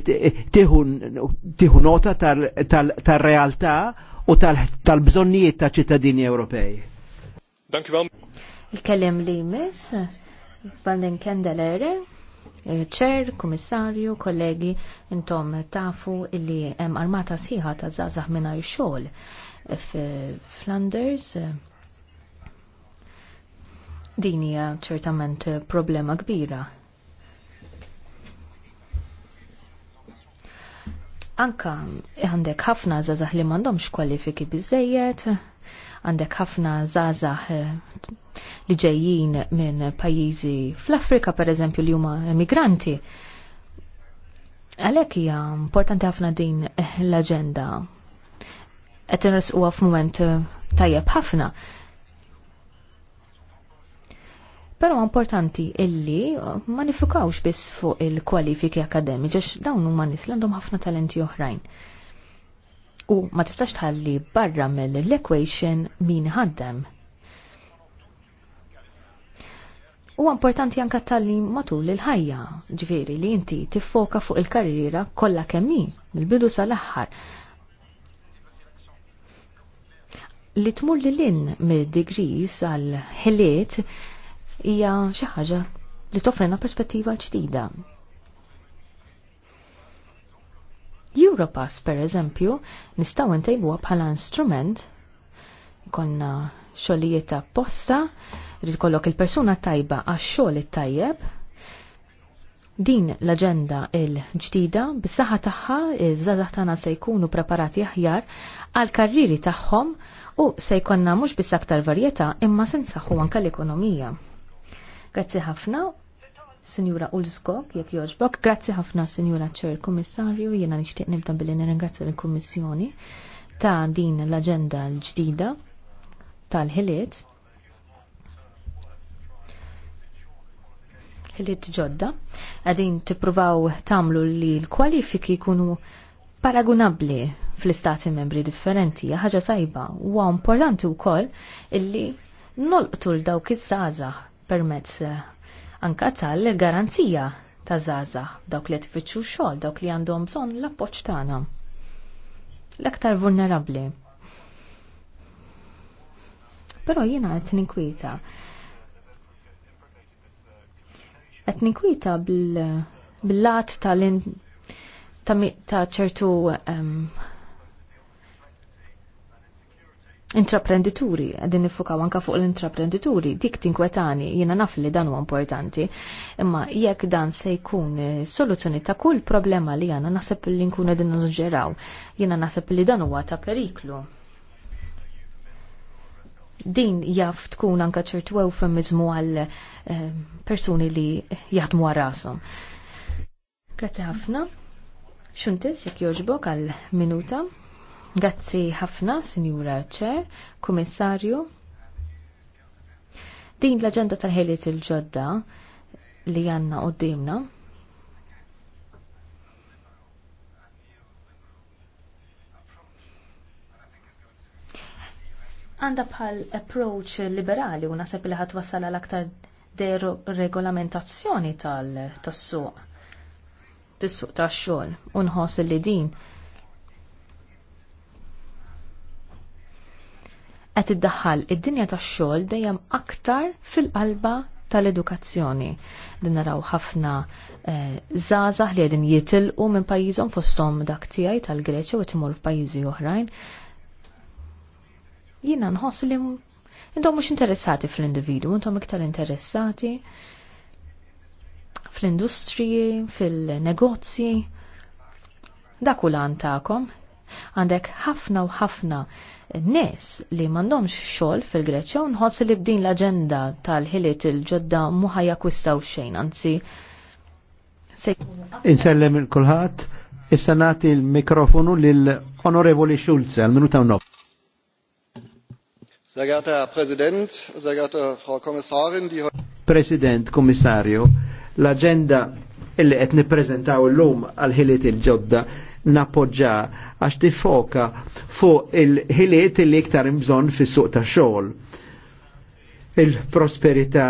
tiħu nota tal-realtà u tal-bżonnijiet ta' ċittadini Ewropej. Il-kellem li mis, Banden Kendalere, ċer, komissarju, kollegi, intom tafu illi hemm armata sħiħa ta' zazah minna xogħol f'Flanders. Din hija ċertament problema kbira Anka għandek ħafna zazah li mandomx kwalifiki bizzejiet, għandek ħafna zazah eh, li ġejjin minn pajjiżi fl-Afrika per eżempju li huma emigranti. Għalhekk hija importanti ħafna din l-aġenda. Qed f f'mument eh, tajjeb ħafna Però importanti illi uh, ma nifukawx biss fuq il-kwalifiki akademiċi ġax dawn huma nies li għandhom ħafna talenti oħrajn. U ma tistax tħalli barra mill-equation min ħaddem. U importanti anka tal-li matul il-ħajja, ġveri li inti tiffoka fuq il-karriera kollha kemmi, mill-bidu sal-aħħar, li tmur li l-in mid-degrees għal ħiliet hija xi ħaġa li toffrina perspettiva ġdida. Europass, per eżempju, nistaw intejbuha bħala instrument konna xogħlijiet apposta, rid kollok il-persuna tajba għax xogħol it-tajjeb. Din l-aġenda il-ġdida bis-saħħa tagħha iż-żagħżagħ tagħna se jkunu preparati aħjar għal karriri tagħhom u se jkollna mhux biss aktar varjetà imma se nsaħħu anke l-ekonomija. Grazzi ħafna. Sinjura Ulskog, jekk joġbok. Grazzi ħafna, Sinjura Ċer, Kummissarju, jena nixtieq nibda billi nirringrazzja l-Kummissjoni ta' din l-aġenda l-ġdida tal-ħiliet. Ħiliet ġodda. Għadin tippruvaw tamlu li l-kwalifiki kunu paragunabli fl-istati membri differenti, ħaġa tajba, huwa importanti koll illi nolqtu l-dawk iż-żgħażagħ permezz eh, anka tal-garanzija ta' zaza dawk li tfittxu xogħol dawk li għandhom bżonn l-appoġġ tagħna. L-aktar vulnerabbli. Però jiena qed ninkwieta. Qed ninkwieta bil-lat tal ta' ċertu ehm, intraprendituri, għadin nifukaw anka fuq l-intraprendituri, dik tinkwetani, jena naf li dan huwa importanti, imma jekk dan se jkun eh, soluzzjoni ta' kull problema li għana nasib li nkun għadin nżġeraw, jena nasib li dan huwa ta' periklu. Din jaf tkun anka ċertu eufemizmu għal eh, persuni li jaħdmu għarasom. Grazie ħafna. Xuntis, jek joġbok għal minuta. Grazzi ħafna, Sinjura Ċer, Kummissarju. Din l-agenda tal-ħeliet il-ġodda li għanna u dimna. Għanda bħal approach liberali u nasab li ħatwassal għal aktar deregolamentazzjoni tal-suq, tassu suq tax-xogħol u nħoss li din qed iddaħħal id-dinja tax-xogħol dejjem aktar fil-qalba tal-edukazzjoni. Din naraw ħafna eh, żgħażagħ li qegħdin jitilqu minn pajjiżhom fosthom dak tiegħi tal-Greċja u timur f'pajjiżi oħrajn. Jiena nħoss li intom mhux interessati fl-individwu, intom iktar interessati fl-industriji, fil-negozji, dak u lan tagħkom Għandek ħafna u ħafna nies li m'għandhomx xogħol fil-Greċja u nħoss li b'din l-aġenda tal-ħiliet il-ġodda mhu ħajakwistaw xejn, anzi. Insellem il-kulħadd, issa nagħti l-mikrofonu lill-Onorevoli Schulze għal minuta nof. Sehr geehrter Herr Präsident, sehr geehrte Frau Kommissarin, die President, Kommissarju, l-agenda illi qed nippreżentaw illum għal ħiliet il-ġodda napoġġa għax tifoka fuq il-ħiliet li iktar imżon fis suq ta' xogħol. Il-prosperità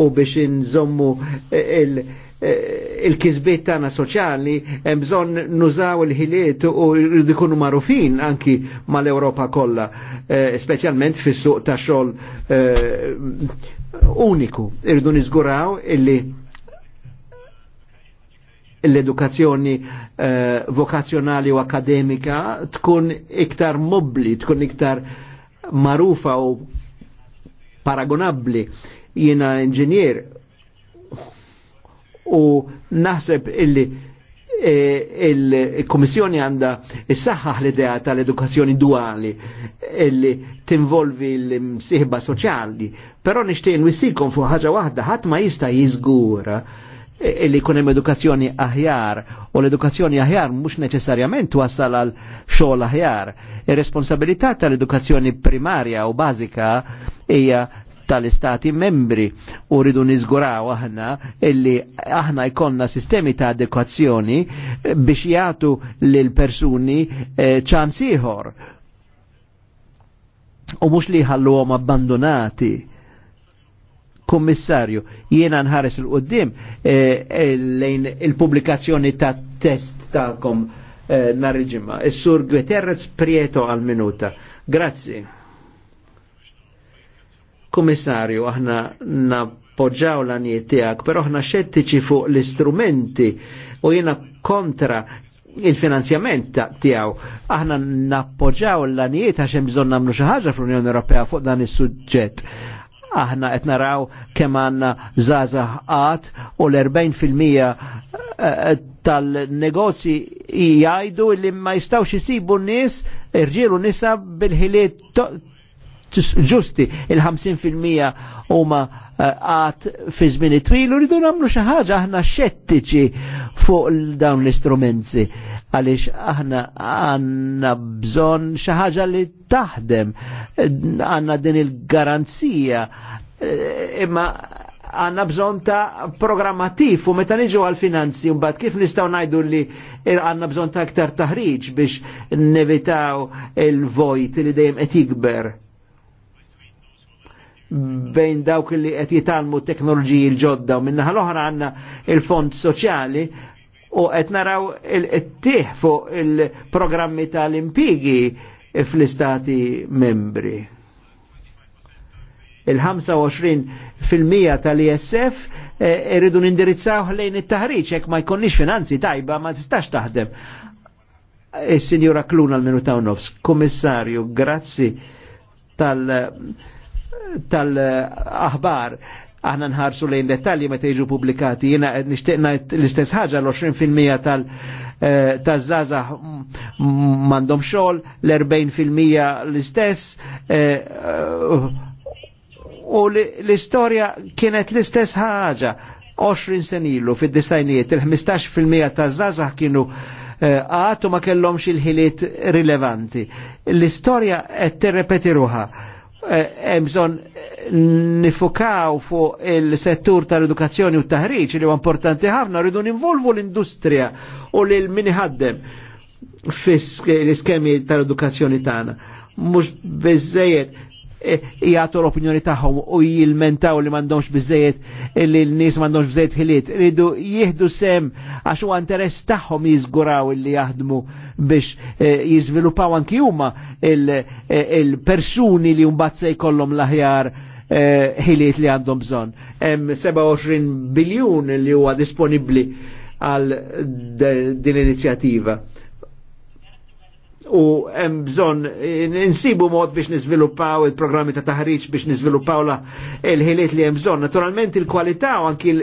u biex inżommu il- il-kizbiet tana soċjali hemm bżonn nużaw il-ħiliet u jkunu marufin anki mal-Ewropa kollha, eh, speċjalment fis-suq ta' xol eh, uniku. Irridu niżguraw illi l-edukazzjoni eh, vokazzjonali u akademika tkun iktar mobli, tkun iktar marufa u paragonabli. Jiena inġinier u naħseb illi E, eh, il-Komissjoni għanda s-saħħaħ l-idea tal-edukazzjoni duali illi tinvolvi l-msiħba soċjali, però nishtejn nwissikom fuq ħaġa waħda ħadd ma jista' jiżgura Eh, li jkun hemm edukazzjoni aħjar u l-edukazzjoni aħjar mhux neċessarjament wassal għal xogħol aħjar. Ir-responsabilità tal-edukazzjoni primarja u bażika hija tal-istati membri u ridu nizguraw aħna illi aħna jkonna sistemi ta' adekwazzjoni biex jgħatu l persuni eh, ċans eh, ieħor u mhux li għom abbandonati Kommissarju, jiena nħares il-qoddim eh, eh, lejn il-publikazzjoni ta' test ta'kom eh, nar il-ġimma. Is-sur Gweterrez Prieto għal-minuta. Grazzi. Kommissarju, aħna nappoġġaw l-għaniet tiegħek, però aħna xettiċi fuq l-istrumenti u jiena kontra il-finanzjament tiegħu. Aħna nappoġġaw l-għaniet għax hemm bżonn nagħmlu xi ħaġa fl-Unjoni Ewropea fuq dan is-suġġett aħna qed naraw kemm għandna żgħażagħ qatt u l-40% eh, tal-negozji jgħidu li ma jistgħux isibu n nies irġielu nisa bil-ħiliet ġusti il-50% huma għat fi żmien twil u rridu nagħmlu xi ħaġa aħna xettiċi fuq dawn l-istrumenti għaliex aħna għandna bżonn xi ħaġa li taħdem għandna din il-garanzija imma għanna bżon ta' programmatif u meta niġu għal-finanzi un kif nistaw najdu li għanna bżon ta' aktar taħriġ biex nevitaw il-vojt li dejjem qed jikber bejn dawk li qed jitalmu teknoloġiji l-ġodda u minnaħa l-oħra għandna il-fond soċjali u qed naraw il-tieħ fuq il-programmi tal-impigi fl-istati membri. Il-25% tal-ISF eh, irridu nindirizzaw lejn it-taħriġ hekk ma jkunniex finanzi tajba ma tistax taħdem. Is-Sinjura eh, Kluna l-Minutawnovs, Kommissarju, grazzi tal- tal-aħbar aħna nħarsu lejn dettalji meta jiġu pubblikati jiena qed nixtieq l-istess ħaġa l-20% tal- eh, taż-żaza m'għandhom xogħol, l-40% l-istess eh, u l-istorja kienet l-istess ħaġa 20 sen ilu fid-disajnijiet il-15% taż żgħażagħ kienu eh, għatu ma kellhomx il-ħiliet rilevanti. L-istorja qed tirrepeti ruha bżon eh, bżonn eh, nifukaw fuq il-settur tal-edukazzjoni u taħriġ li huwa importanti ħafna rridu ninvolvu l-industrija u lil minħaddem ħaddem fis-iskemi tal-edukazzjoni tagħna. Mhux biżejjed eh, jgħatu l-opinjoni tagħhom u jilmentaw li m'għandhomx biżejjed li l-nies m'għandhomx biżejjed ħiliet. Ridu jieħdu sem għax huwa interess tagħhom jiżguraw li jaħdmu biex eh, jizvilupaw anki huma eh, il-persuni li jumbat se jkollhom l-aħjar eh, ħiliet li għandhom bżonn. Hemm 27 biljun li huwa disponibbli għal din l-inizjattiva u hemm bżonn eh, insibu mod biex niżviluppaw il-programmi ta' taħriġ biex niżviluppaw la il-ħiliet li hemm bżonn. Naturalment il-kwalità u anki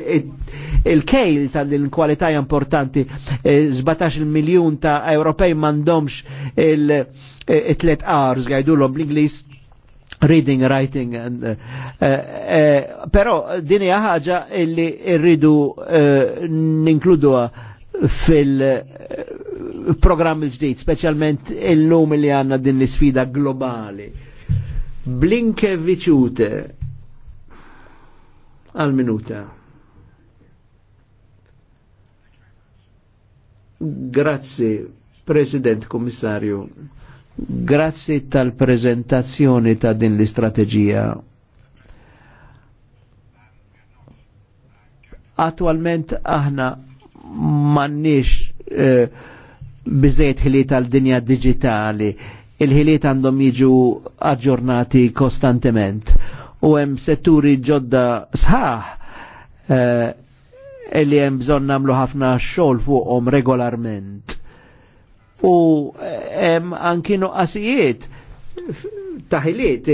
il-kejl tal-kwalità importanti. 17 eh, miljun ta' Ewropej m'għandhomx il-tlet eh, hours għajdulhom bl-Ingliż reading, writing, and, uh, uh, pero din hija ħaġa illi rridu uh, ninkluduha fil- uh, program il-ġdijt, specialment il-lum li għanna din l-sfida globali. Blinke viċute għal-minuta. Grazzi, President Komissarju. Grazzi tal-prezentazzjoni ta' din l-istrateġija attualment aħna manniex eh, bizzejt ħiliet għal dinja digitali, il-ħiliet għandhom jiġu aġġornati kostantement u hemm setturi ġodda sħaħ eh, li hemm bżonn nagħmlu ħafna xogħol fuqhom regolarment. U eh, hemm anki noqqasijiet ta' ħiliet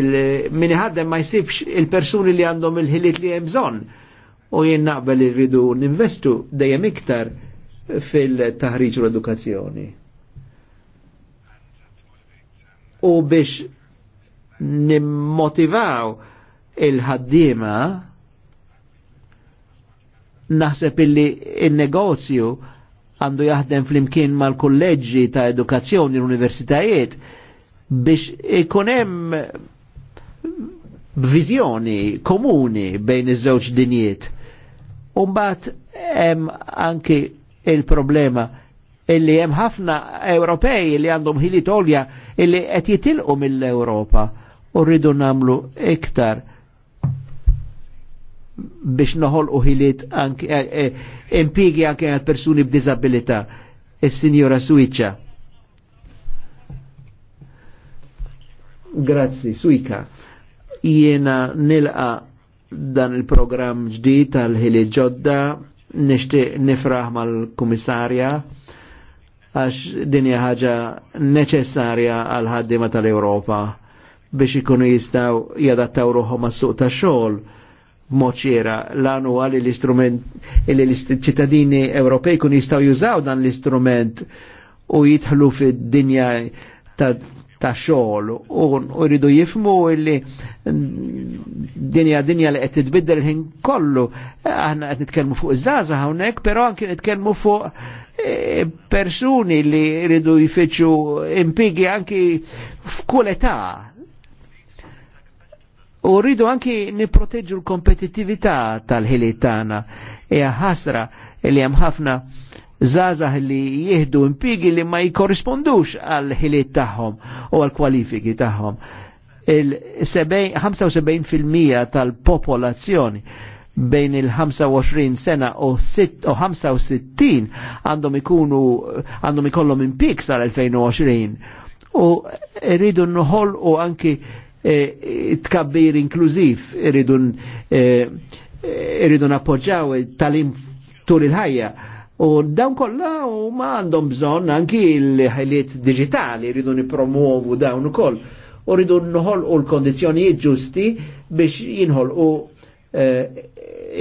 min ħaddem ma jsibx il-persuni li għandhom il-ħiliet li hemm bżonn u jien naqbel irridu ninvestu dejjem iktar fil-taħriġ u l-edukazzjoni. U biex nimmotivaw il-ħaddima naħseb illi il-negozju għandu jaħdem fl-imkien mal kolleġi ta' edukazzjoni l-universitajiet biex ikunem viżjoni komuni bejn iż-żewġ dinjiet. Umbat hemm anki il-problema illi hemm ħafna Ewropej li għandhom ħili tolja illi qed jitilqu mill-Ewropa u rridu namlu iktar biex noħolqu ħiliet eh, eh, impigi anke għal persuni b'diżabilità. Is-Sinjora Suiċa. Grazzi, Suika. Jiena nilqa dan il-programm ġdid tal-ħili ġodda nishtiq nifraħ mal-Kummissarja għax dinja ħaġa neċessarja għal ħaddima tal-Europa biex ikunu jistaw jadattaw ruħom għas suq ta' xol moċira l-għanu għal l-istrument li l-ċittadini Ewropej kun jistaw jużaw dan l-istrument u jitħlu fid-dinja ta' ta' xogħol u rridu jifmu illi dinja dinja li qed il ħin kollu aħna qed nitkellmu fuq iż-żgħażagħ hawnhekk, però anke nitkellmu fuq e, persuni li rridu jfittxu impigi anki f'kull età. U rridu anki nipproteġu l-kompetittività tal-ħiliet tagħna. Hija ħasra li hemm ħafna zazah li jihdu impigi li ma jikorrispondux għal ħiliet tagħhom u għal kwalifiki tagħhom. Il-75% tal-popolazzjoni bejn il-25 sena u 65 għandhom ikunu għandhom ikollhom impik sal-2020 u rridu nħol u anki eh, tkabbir inklużiv irridu irridu eh, nappoġġaw tal-im tul il-ħajja U dawn kollha huma għandhom bżonn anki l-ħiliet digitali rridu nipromuovu dawn ukoll u rridu nħolqu l-kondizzjonijiet ġusti biex jinħolqu eh,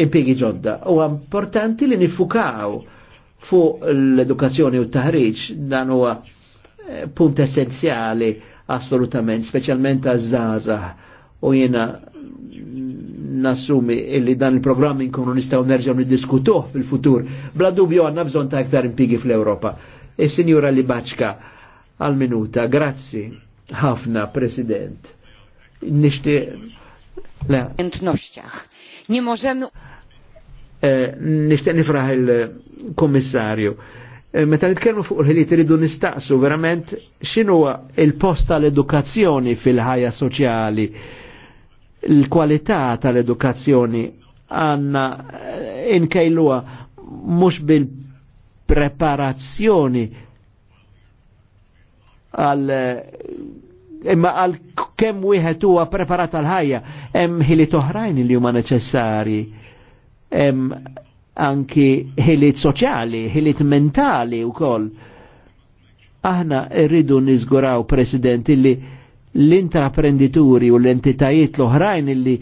impjegi ġodda. U importanti li nifukaw fuq l-edukazzjoni u t-taħriġ dan huwa eh, punt essenzjali assolutament, speċjalment għaż-żgħażagħ u jiena nassumi illi dan il-programm inkunu nistgħu nerġaw niddiskutuh fil-futur. Bla dubju għandna bżonn ta' aktar impigi fl europa E signora li baċka għal-minuta, grazzi ħafna, President. Nishti. Le. Nie możemy. E, nishti nifraħ il e, Meta nitkellmu fuq il-ħiliet iridu nistaqsu verament x'inhuwa il-post tal-edukazzjoni fil-ħajja soċjali l-kwalità tal-edukazzjoni għanna eh, inkejluwa mhux bil-preparazzjoni għal eh, imma għal kemm wieħed huwa preparat għal ħajja hemm ħiliet oħrajn li huma neċessarji hemm anki ħiliet soċjali, ħiliet mentali wkoll. Aħna rridu niżguraw President illi l intraprenditori u l-entitajiet l-oħrajn illi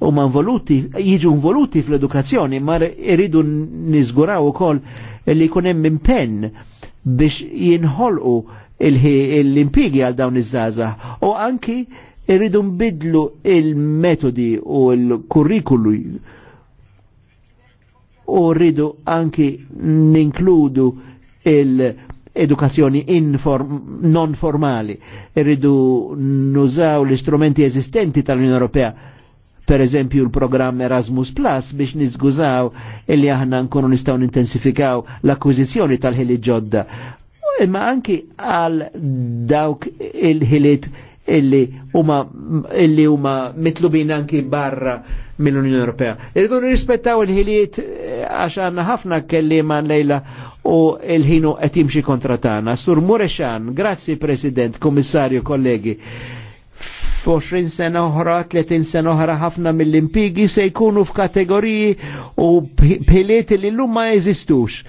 huma voluti jiġu voluti fl-edukazzjoni, ma rridu u ukoll li kunem minn pen biex jinħolqu l-impigi għal dawn iż żaza u anki irridu nbidlu il-metodi u l-kurrikulu u rridu anki ninkludu il- edukazzjoni non formali. Irridu nużaw l-istrumenti eżistenti tal-Unjoni Ewropea per eżempju l-programm Erasmus Plus biex nizgużaw illi aħna nkunu nistaw nintensifikaw l-akkwizizjoni tal-ħili ġodda. Imma anki għal dawk il-ħiliet illi huma illi huma mitlubin anki barra mill-Unjoni Ewropea. Irridu nirrispettaw il-ħiliet eh, għax għandna ħafna kellima lejla u il-ħinu qed jimxi kontra tagħna. Sur Murexan, grazzi President, Kommissarju, kollegi. 20 sena oħra, 30 sena oħra ħafna mill-impigi se jkunu f'kategoriji u bħiliet li l-lum ma jeżistux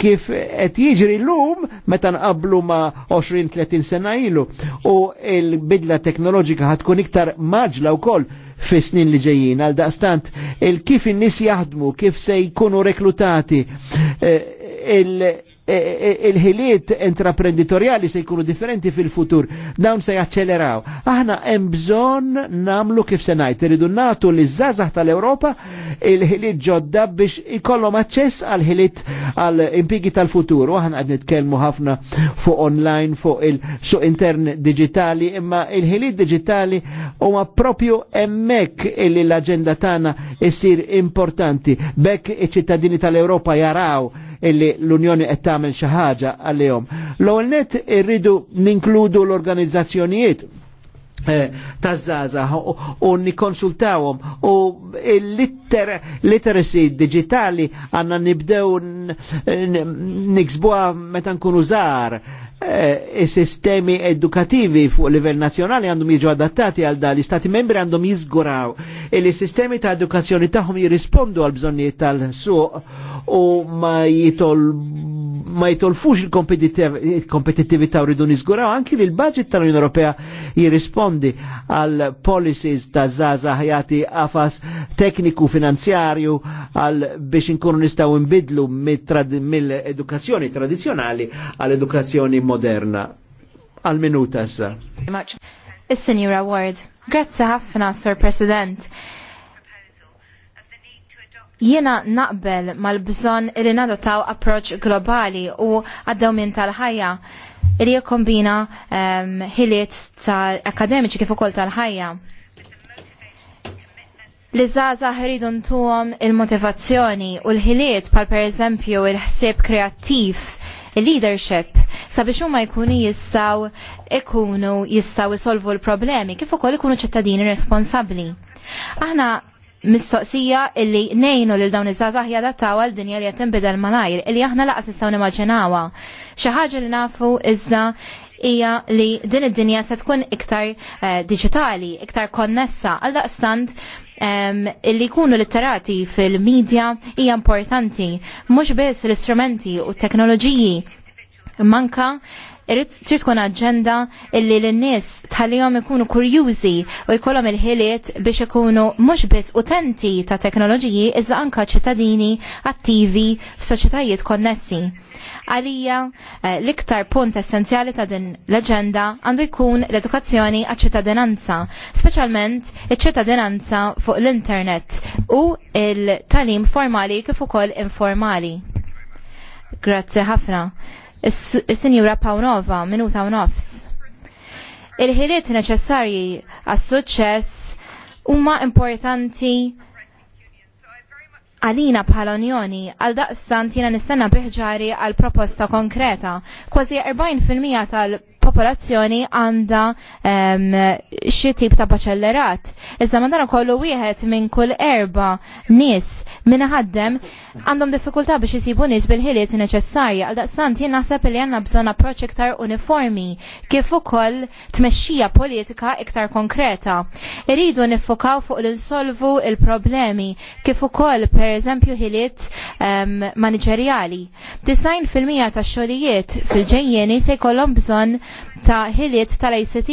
kif qed jiġri llum meta nqablu ma' 20-30 sena ilu u l-bidla teknoloġika ħatkun iktar maġla wkoll fi snin li ġejjin għal daqstant il kif in-nies jaħdmu, kif se jkunu reklutati. Eh, E- e- il-ħiliet intraprenditoriali se jkunu differenti fil-futur, dawn se jaċċeleraw. Aħna hemm bżonn namlu kif se ngħid, iridu nagħtu li żgħażagħ tal-Ewropa il-ħiliet ġodda biex ikollhom aċċess għal ħiliet għal impigi tal-futur. U aħna qed nitkellmu ħafna fuq online, fuq il-suq intern digitali, imma il-ħiliet digitali huma propju hemmhekk illi l-aġenda tagħna issir importanti. Bekk iċ-ċittadini tal-Ewropa jaraw illi l-Unjoni qed tagħmel xi ħaġa għalihom. L-ewwel net irridu ninkludu l-organizzazzjonijiet eh, tazzaza u nikonsultawom u l literacy digitali għanna nibdew niksbuha meta nkunu żgħar eh, sistemi edukativi fuq livell nazzjonali għandhom jiġu adattati għal dal istati membri għandhom jizguraw il sistemi ta' edukazzjoni tagħhom jirrispondu għal bżonnijiet tal-suq u ma jitol ma jitolfux il-kompetittività u ridun izgura, anki li l-budget tal-Unjoni Ewropea jirrispondi għal policies ta' zaza ħajati għafas tekniku finanzjarju għal biex inkunu nistaw imbidlu mill-edukazzjoni tradizjonali għal edukazzjoni moderna. Għal minuta sa. is senior Award. Grazie ħafna, Sir President. Jiena naqbel mal-bżon li nadotaw approċ globali u għaddew minn tal-ħajja li jikkombina ehm, ħiliet tal-akademiċi kif ukoll tal-ħajja. Li żgħażagħ iridu ntuhom il-motivazzjoni u l-ħiliet bħal pereżempju il-ħsieb kreattiv leadership sabiex huma jkunu jistgħu ikunu jistgħu isolvu l-problemi kif ukoll ikunu ċittadini responsabbli. Aħna mistoqsija illi nejnu lil dawn iż-żgħażagħ jadattaw għal dinja li qed tinbidel malajr illi aħna laqas nistgħu nimmaġinawha. Xi ħaġa li nafu iżda hija li din id-dinja se tkun iktar eh, diġitali, iktar konnessa għal daqstant illi jkunu litterati fil-medja hija importanti, mhux biss l-istrumenti u t-teknoloġiji manka irrid trid tkun aġenda illi l-nies tħallihom ikunu kurjużi u jkollhom il-ħiliet biex ikunu mhux biss utenti ta' teknoloġiji iżda anka ċittadini attivi f'soċjetajiet konnessi. Għalija eh, l-iktar punt essenzjali ta' din l-aġenda għandu jkun l-edukazzjoni għad ċittadinanza, speċjalment iċ-ċittadinanza fuq l-internet u il-talim formali kif ukoll informali. Grazzi ħafna. Is-Sinjura Pawnova, minuta u nofs. Il-ħiliet neċessarji għas-suċċess huma importanti għalina bħala unjoni għal daqstant jiena nistenna biħġari għal proposta konkreta. Kważi 40% tal popolazzjoni għanda xi tip ta' baċellerat. Iżda ma dan ukoll wieħed minn kull erba' nies minn ħaddem għandhom diffikultà biex isibu nies bil-ħiliet neċessarja. Għal daqstant jien naħseb li għandna bżonn approċċ iktar uniformi kif ukoll tmexxija politika iktar konkreta. Iridu nifukaw fuq l-insolvu il-problemi kif ukoll pereżempju ħiliet maniġerjali. Disajn fil-mija ta' xogħlijiet fil-ġejjeni se jkollhom bżonn ta' ħiliet tal-ICT,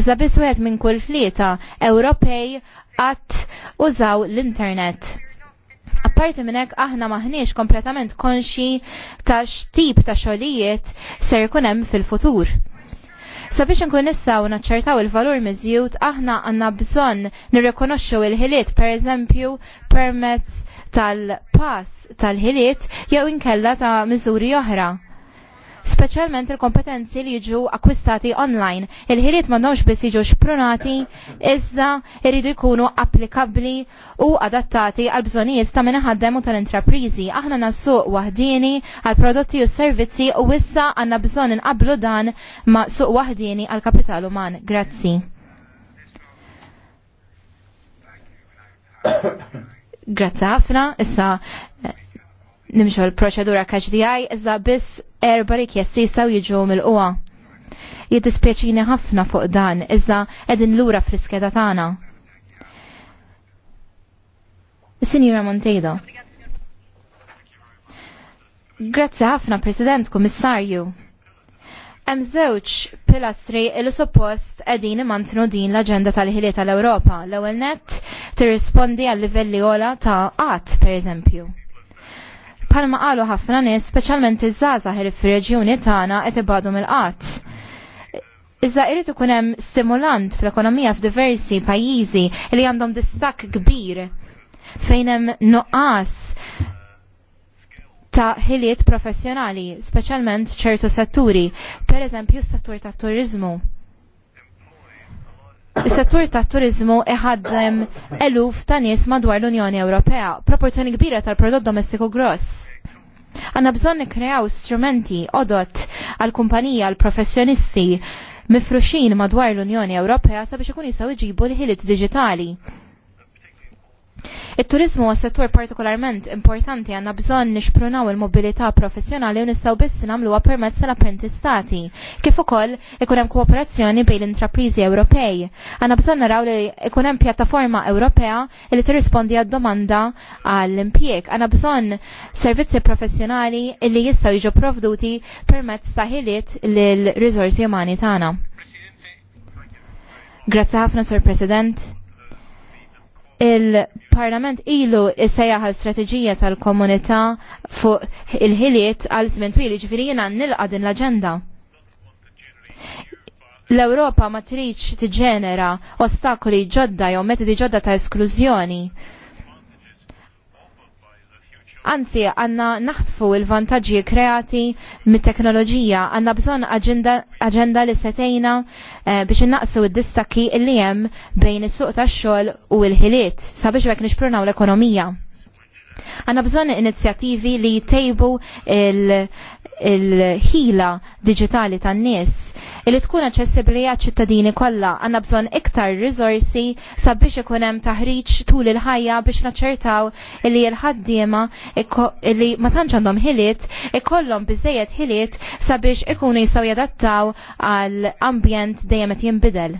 iżda biss wieħed minn kull flieta Ewropej qatt użaw l-internet. Apparti minn hekk aħna maħniex kompletament konxi ta' x'tip ta' xogħlijiet ser jkun hemm fil-futur. Sabiex nkun nistgħu naċċertaw il-valur miżjud, aħna għandna bżonn nirrikonoxxu l ħiliet pereżempju permezz tal-pass tal-ħiliet jew inkella ta' miżuri oħra speċjalment il-kompetenzi li jiġu akkwistati online. Il-ħiliet m'għandhomx biss jiġu xprunati, iżda jridu jkunu applikabbli u adattati għal bżonijiet ta' ħaddem u tal-intraprizi. Aħna nassu wahdini għal prodotti u servizzi u issa għandna bżonn inqablu dan ma' suq wahdini għal kapital uman. Grazzi. Grazzi ħafna, issa eh, nimxu l-proċedura kaċ issa biss erba rikjesti jistaw jiġu mill-qwa. Jiddispjaċini ħafna fuq dan, iżda edin lura fl-iskeda tagħna. Sinjura Montejda. Grazzi ħafna, President, Kummissarju. Hemm żewġ pilastri il suppost qegħdin imantnu din l-aġenda tal-ħiliet tal-Ewropa. L-ewwel nett tirrispondi għal livelli għola ta' qatt, pereżempju. Palma qalu ħafna nies, speċjalment iż-żgħażagħ li fir-reġjuni tagħna qed ibadu mill-qatt. Iżda jrid ikun hemm stimulant fl-ekonomija f'diversi pajjiżi li għandhom distakk kbir fejn hemm nuqqas ta' ħiliet professjonali, speċjalment ċertu setturi, pereżempju s-settur tat-turiżmu Is-settur ta' turizmu iħaddem eluf ta' nies madwar l-Unjoni Ewropea, proporzjoni kbira tal-prodott domestiku gross. Għanna bżon nikreaw strumenti odot għal kumpanija għal professjonisti mifruxin madwar l-Unjoni Ewropea sabiex ikun jistgħu jġibu l-ħiliet diġitali. Il-turizmu għas settur partikolarment importanti għanna bżon nixprunaw il-mobilità professjonali u nistaw biss namluwa permezz tal-apprentistati. Kif ukoll ikun hemm kooperazzjoni bejn l-intraprizi Ewropej. Għanna bżon naraw li ikunem hemm pjattaforma Ewropea li tirrispondi għad-domanda għall-impjieg. Għanna bżon servizzi professjonali li jistgħu jiġu provduti permezz ta' ħiliet l-rizorsi umani tagħna. Grazzi ħafna, Sur President il-Parlament ilu sejaħa strateġija tal-komunità fuq il-ħiliet għal żmien twil, ġifieri jiena nilqa' din l-aġenda. L-Ewropa ma tridx tiġġenera ostakoli ġodda jew metodi ġodda ta' esklużjoni Anzi, għanna naħtfu il-vantagġi kreati mit-teknoloġija, għanna bżon agenda li setejna eh, biex naqsu id-distakki li jem bejn is-suq tax-xogħol u l-ħiliet sabiex bek nixprunaw l-ekonomija. Għanna bżon inizjattivi li jtejbu il-ħila digitali tan-nies li tkun aċċessibbli għaċ-ċittadini kollha. Għandna bżonn iktar riżorsi sabiex ikun hemm taħriġ tul il-ħajja biex naċċertaw li l-ħaddiema li ma tantx għandhom ħiliet ikollhom biżejjed ħiliet sabiex ikunu jistgħu jadattaw għal ambjent dejjem qed jinbidel.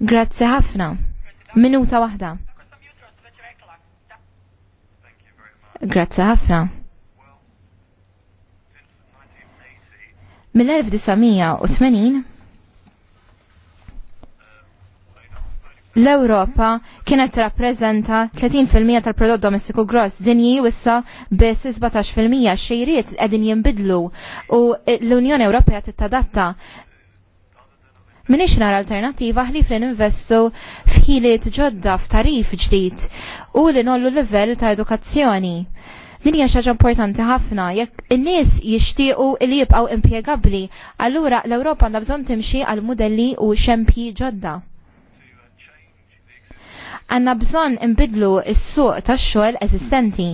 Grazzi ħafna. Minuta waħda. Grazzi ħafna. Mill-1980 l-Europa kienet rappreżenta 30% tal-prodott domestiku gross dinji wissa bi 17% xejriet qegħdin jinbidlu u l-Unjoni Ewropea tittadatta Minix nara alternativa ħlif investu ninvestu f'ħiliet ġodda f'tarif ġdid u li nollu livell ta' edukazzjoni. Din hija xi ħaġa importanti ħafna, jekk in-nies jixtiequ li jibqgħu impjegabbli, allura l-Ewropa għandha bżonn timxi għal mudelli u xempji ġodda. Għandna bżonn inbidlu s-suq tax-xogħol eżistenti.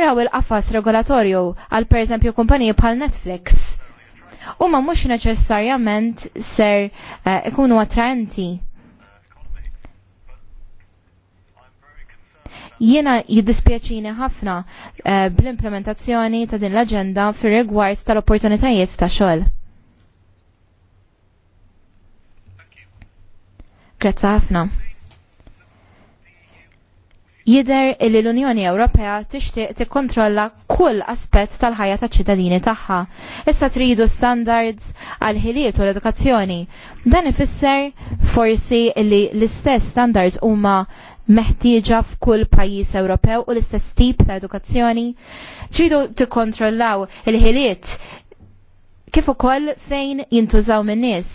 Araw il-qafas regolatorju għal pereżempju kumpaniji bħal Netflix. Huma mhux neċessarjament ser eh, ikunu attraenti Jiena jiddispjaċini ħafna eh, bl-implementazzjoni ta' din l-aġenda fir rigward tal-opportunitajiet ta' xogħol. Grazzi ħafna. Jider li l-Unjoni Ewropea tixtieq tikkontrolla kull aspett tal-ħajja taċ-ċittadini tagħha. Issa tridu standards għal ħiliet u l-edukazzjoni. Dan ifisser forsi li l-istess standards huma meħtieġa f'kull pajjiż Ewropew u l-istess tip ta' edukazzjoni. Tridu tikkontrollaw il-ħiliet kif ukoll fejn jintużaw min-nies.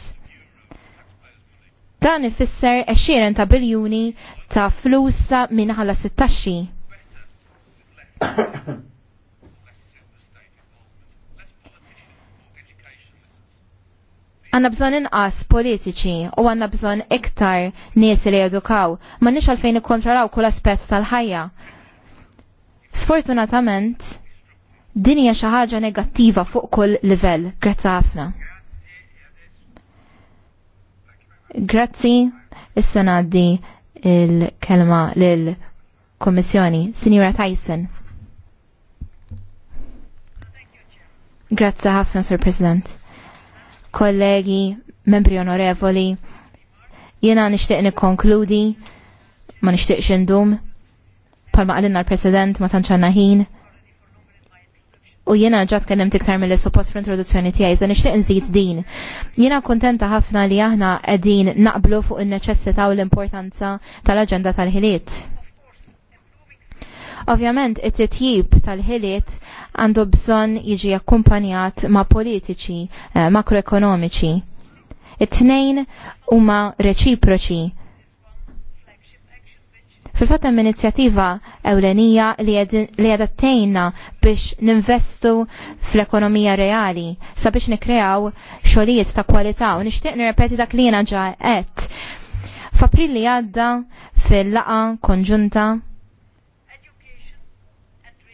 Dan ifisser 20 ta' biljuni ta' flus ta' minħalla 16. Għanna bżon inqas politiċi u għanna bżon iktar nies li edukaw, ma nix għalfejn ikkontrolaw kull aspett tal-ħajja. Sfortunatament, din hija xi ħaġa negattiva fuq kull livell. Grazzi ħafna. Grazzi, issa ngħaddi il-kelma lil Kommissjoni, Sinjura Tyson. Grazzi ħafna, Sur President kollegi, membri onorevoli, jiena nixtieq nikkonkludi, ma nixtieqx indum, palma għalinna l-President ma tanċanna ħin. U jiena ġat kellem iktar mill suppost fl-introduzzjoni tiegħi, iżda nixtieq nżid din. Jiena kontenta ħafna li aħna qegħdin naqblu fuq in-neċessità u l-importanza tal-aġenda tal-ħiliet. Ovvjament, it-titjib tal-ħiliet għandu bżon jiġi akkumpanjat ma' politiċi eh, makroekonomiċi. It-tnejn huma reċiproċi. Fil-fatt hemm inizjattiva ewlenija li qiegħda tgħinna biex ninvestu fl-ekonomija reali sabiex nikreaw xogħlijiet ta' kwalità u nixtieq nirrepeti dak li jiena ġa qed. F'April li għadda fil-laqa konġunta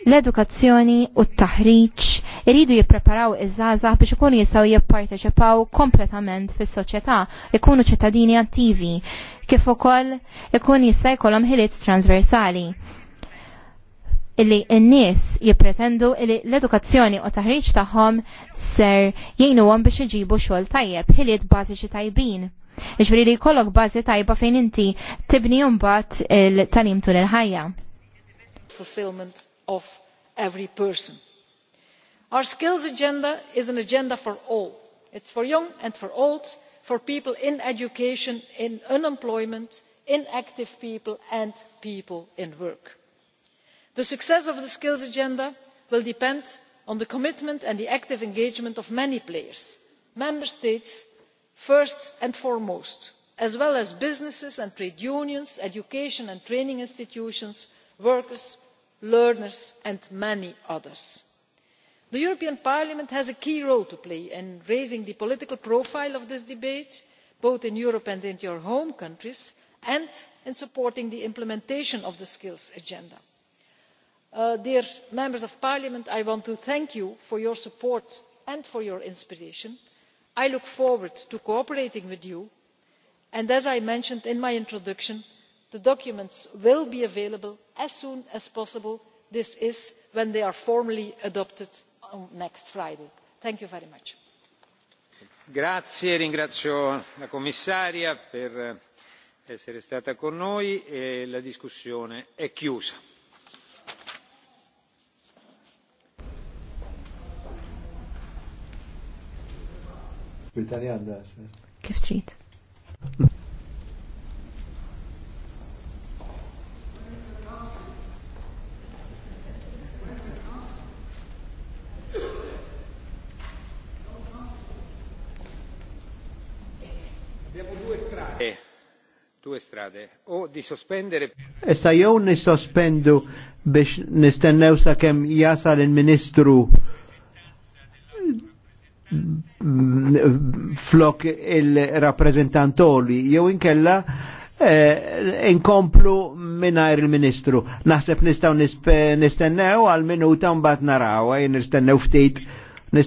l-edukazzjoni u t-taħriġ iridu jippreparaw iż żaza biex ikunu jistgħu jipparteċipaw kompletament fis-soċjetà, ikunu ċittadini attivi, kif ukoll ikun jista' jkollhom ħiliet transversali illi n-nies jippretendu illi l-edukazzjoni u taħriġ tagħhom ser jgħinuhom biex iġibu xogħol tajjeb, ħiliet bażiċi tajbin. Iġveri li jkollok bażi tajba fejn inti tibni mbagħad il tanim tul il-ħajja of every person. our skills agenda is an agenda for all it is for young and for old for people in education in unemployment inactive people and people in work. the success of the skills agenda will depend on the commitment and the active engagement of many players member states first and foremost as well as businesses and trade unions education and training institutions workers learners and many others. the european parliament has a key role to play in raising the political profile of this debate both in europe and in your home countries and in supporting the implementation of the skills agenda. Uh, dear members of parliament i want to thank you for your support and for your inspiration. i look forward to cooperating with you and as i mentioned in my introduction the documents will be available as soon as possible that is when they are formally adopted next friday. thank you very much. ringrazio la commissaria per eh, essere stata con noi e la discussione è chiusa. due strade o di sospendere Issa jew nisospendu biex nistennew sakemm jasal il-Ministru flok il-rappresentantoli jew inkella eh, inkomplu minnajr il-ministru. Naħseb nistaw nistennew għal minuta mbagħad naraw, nistennew ftit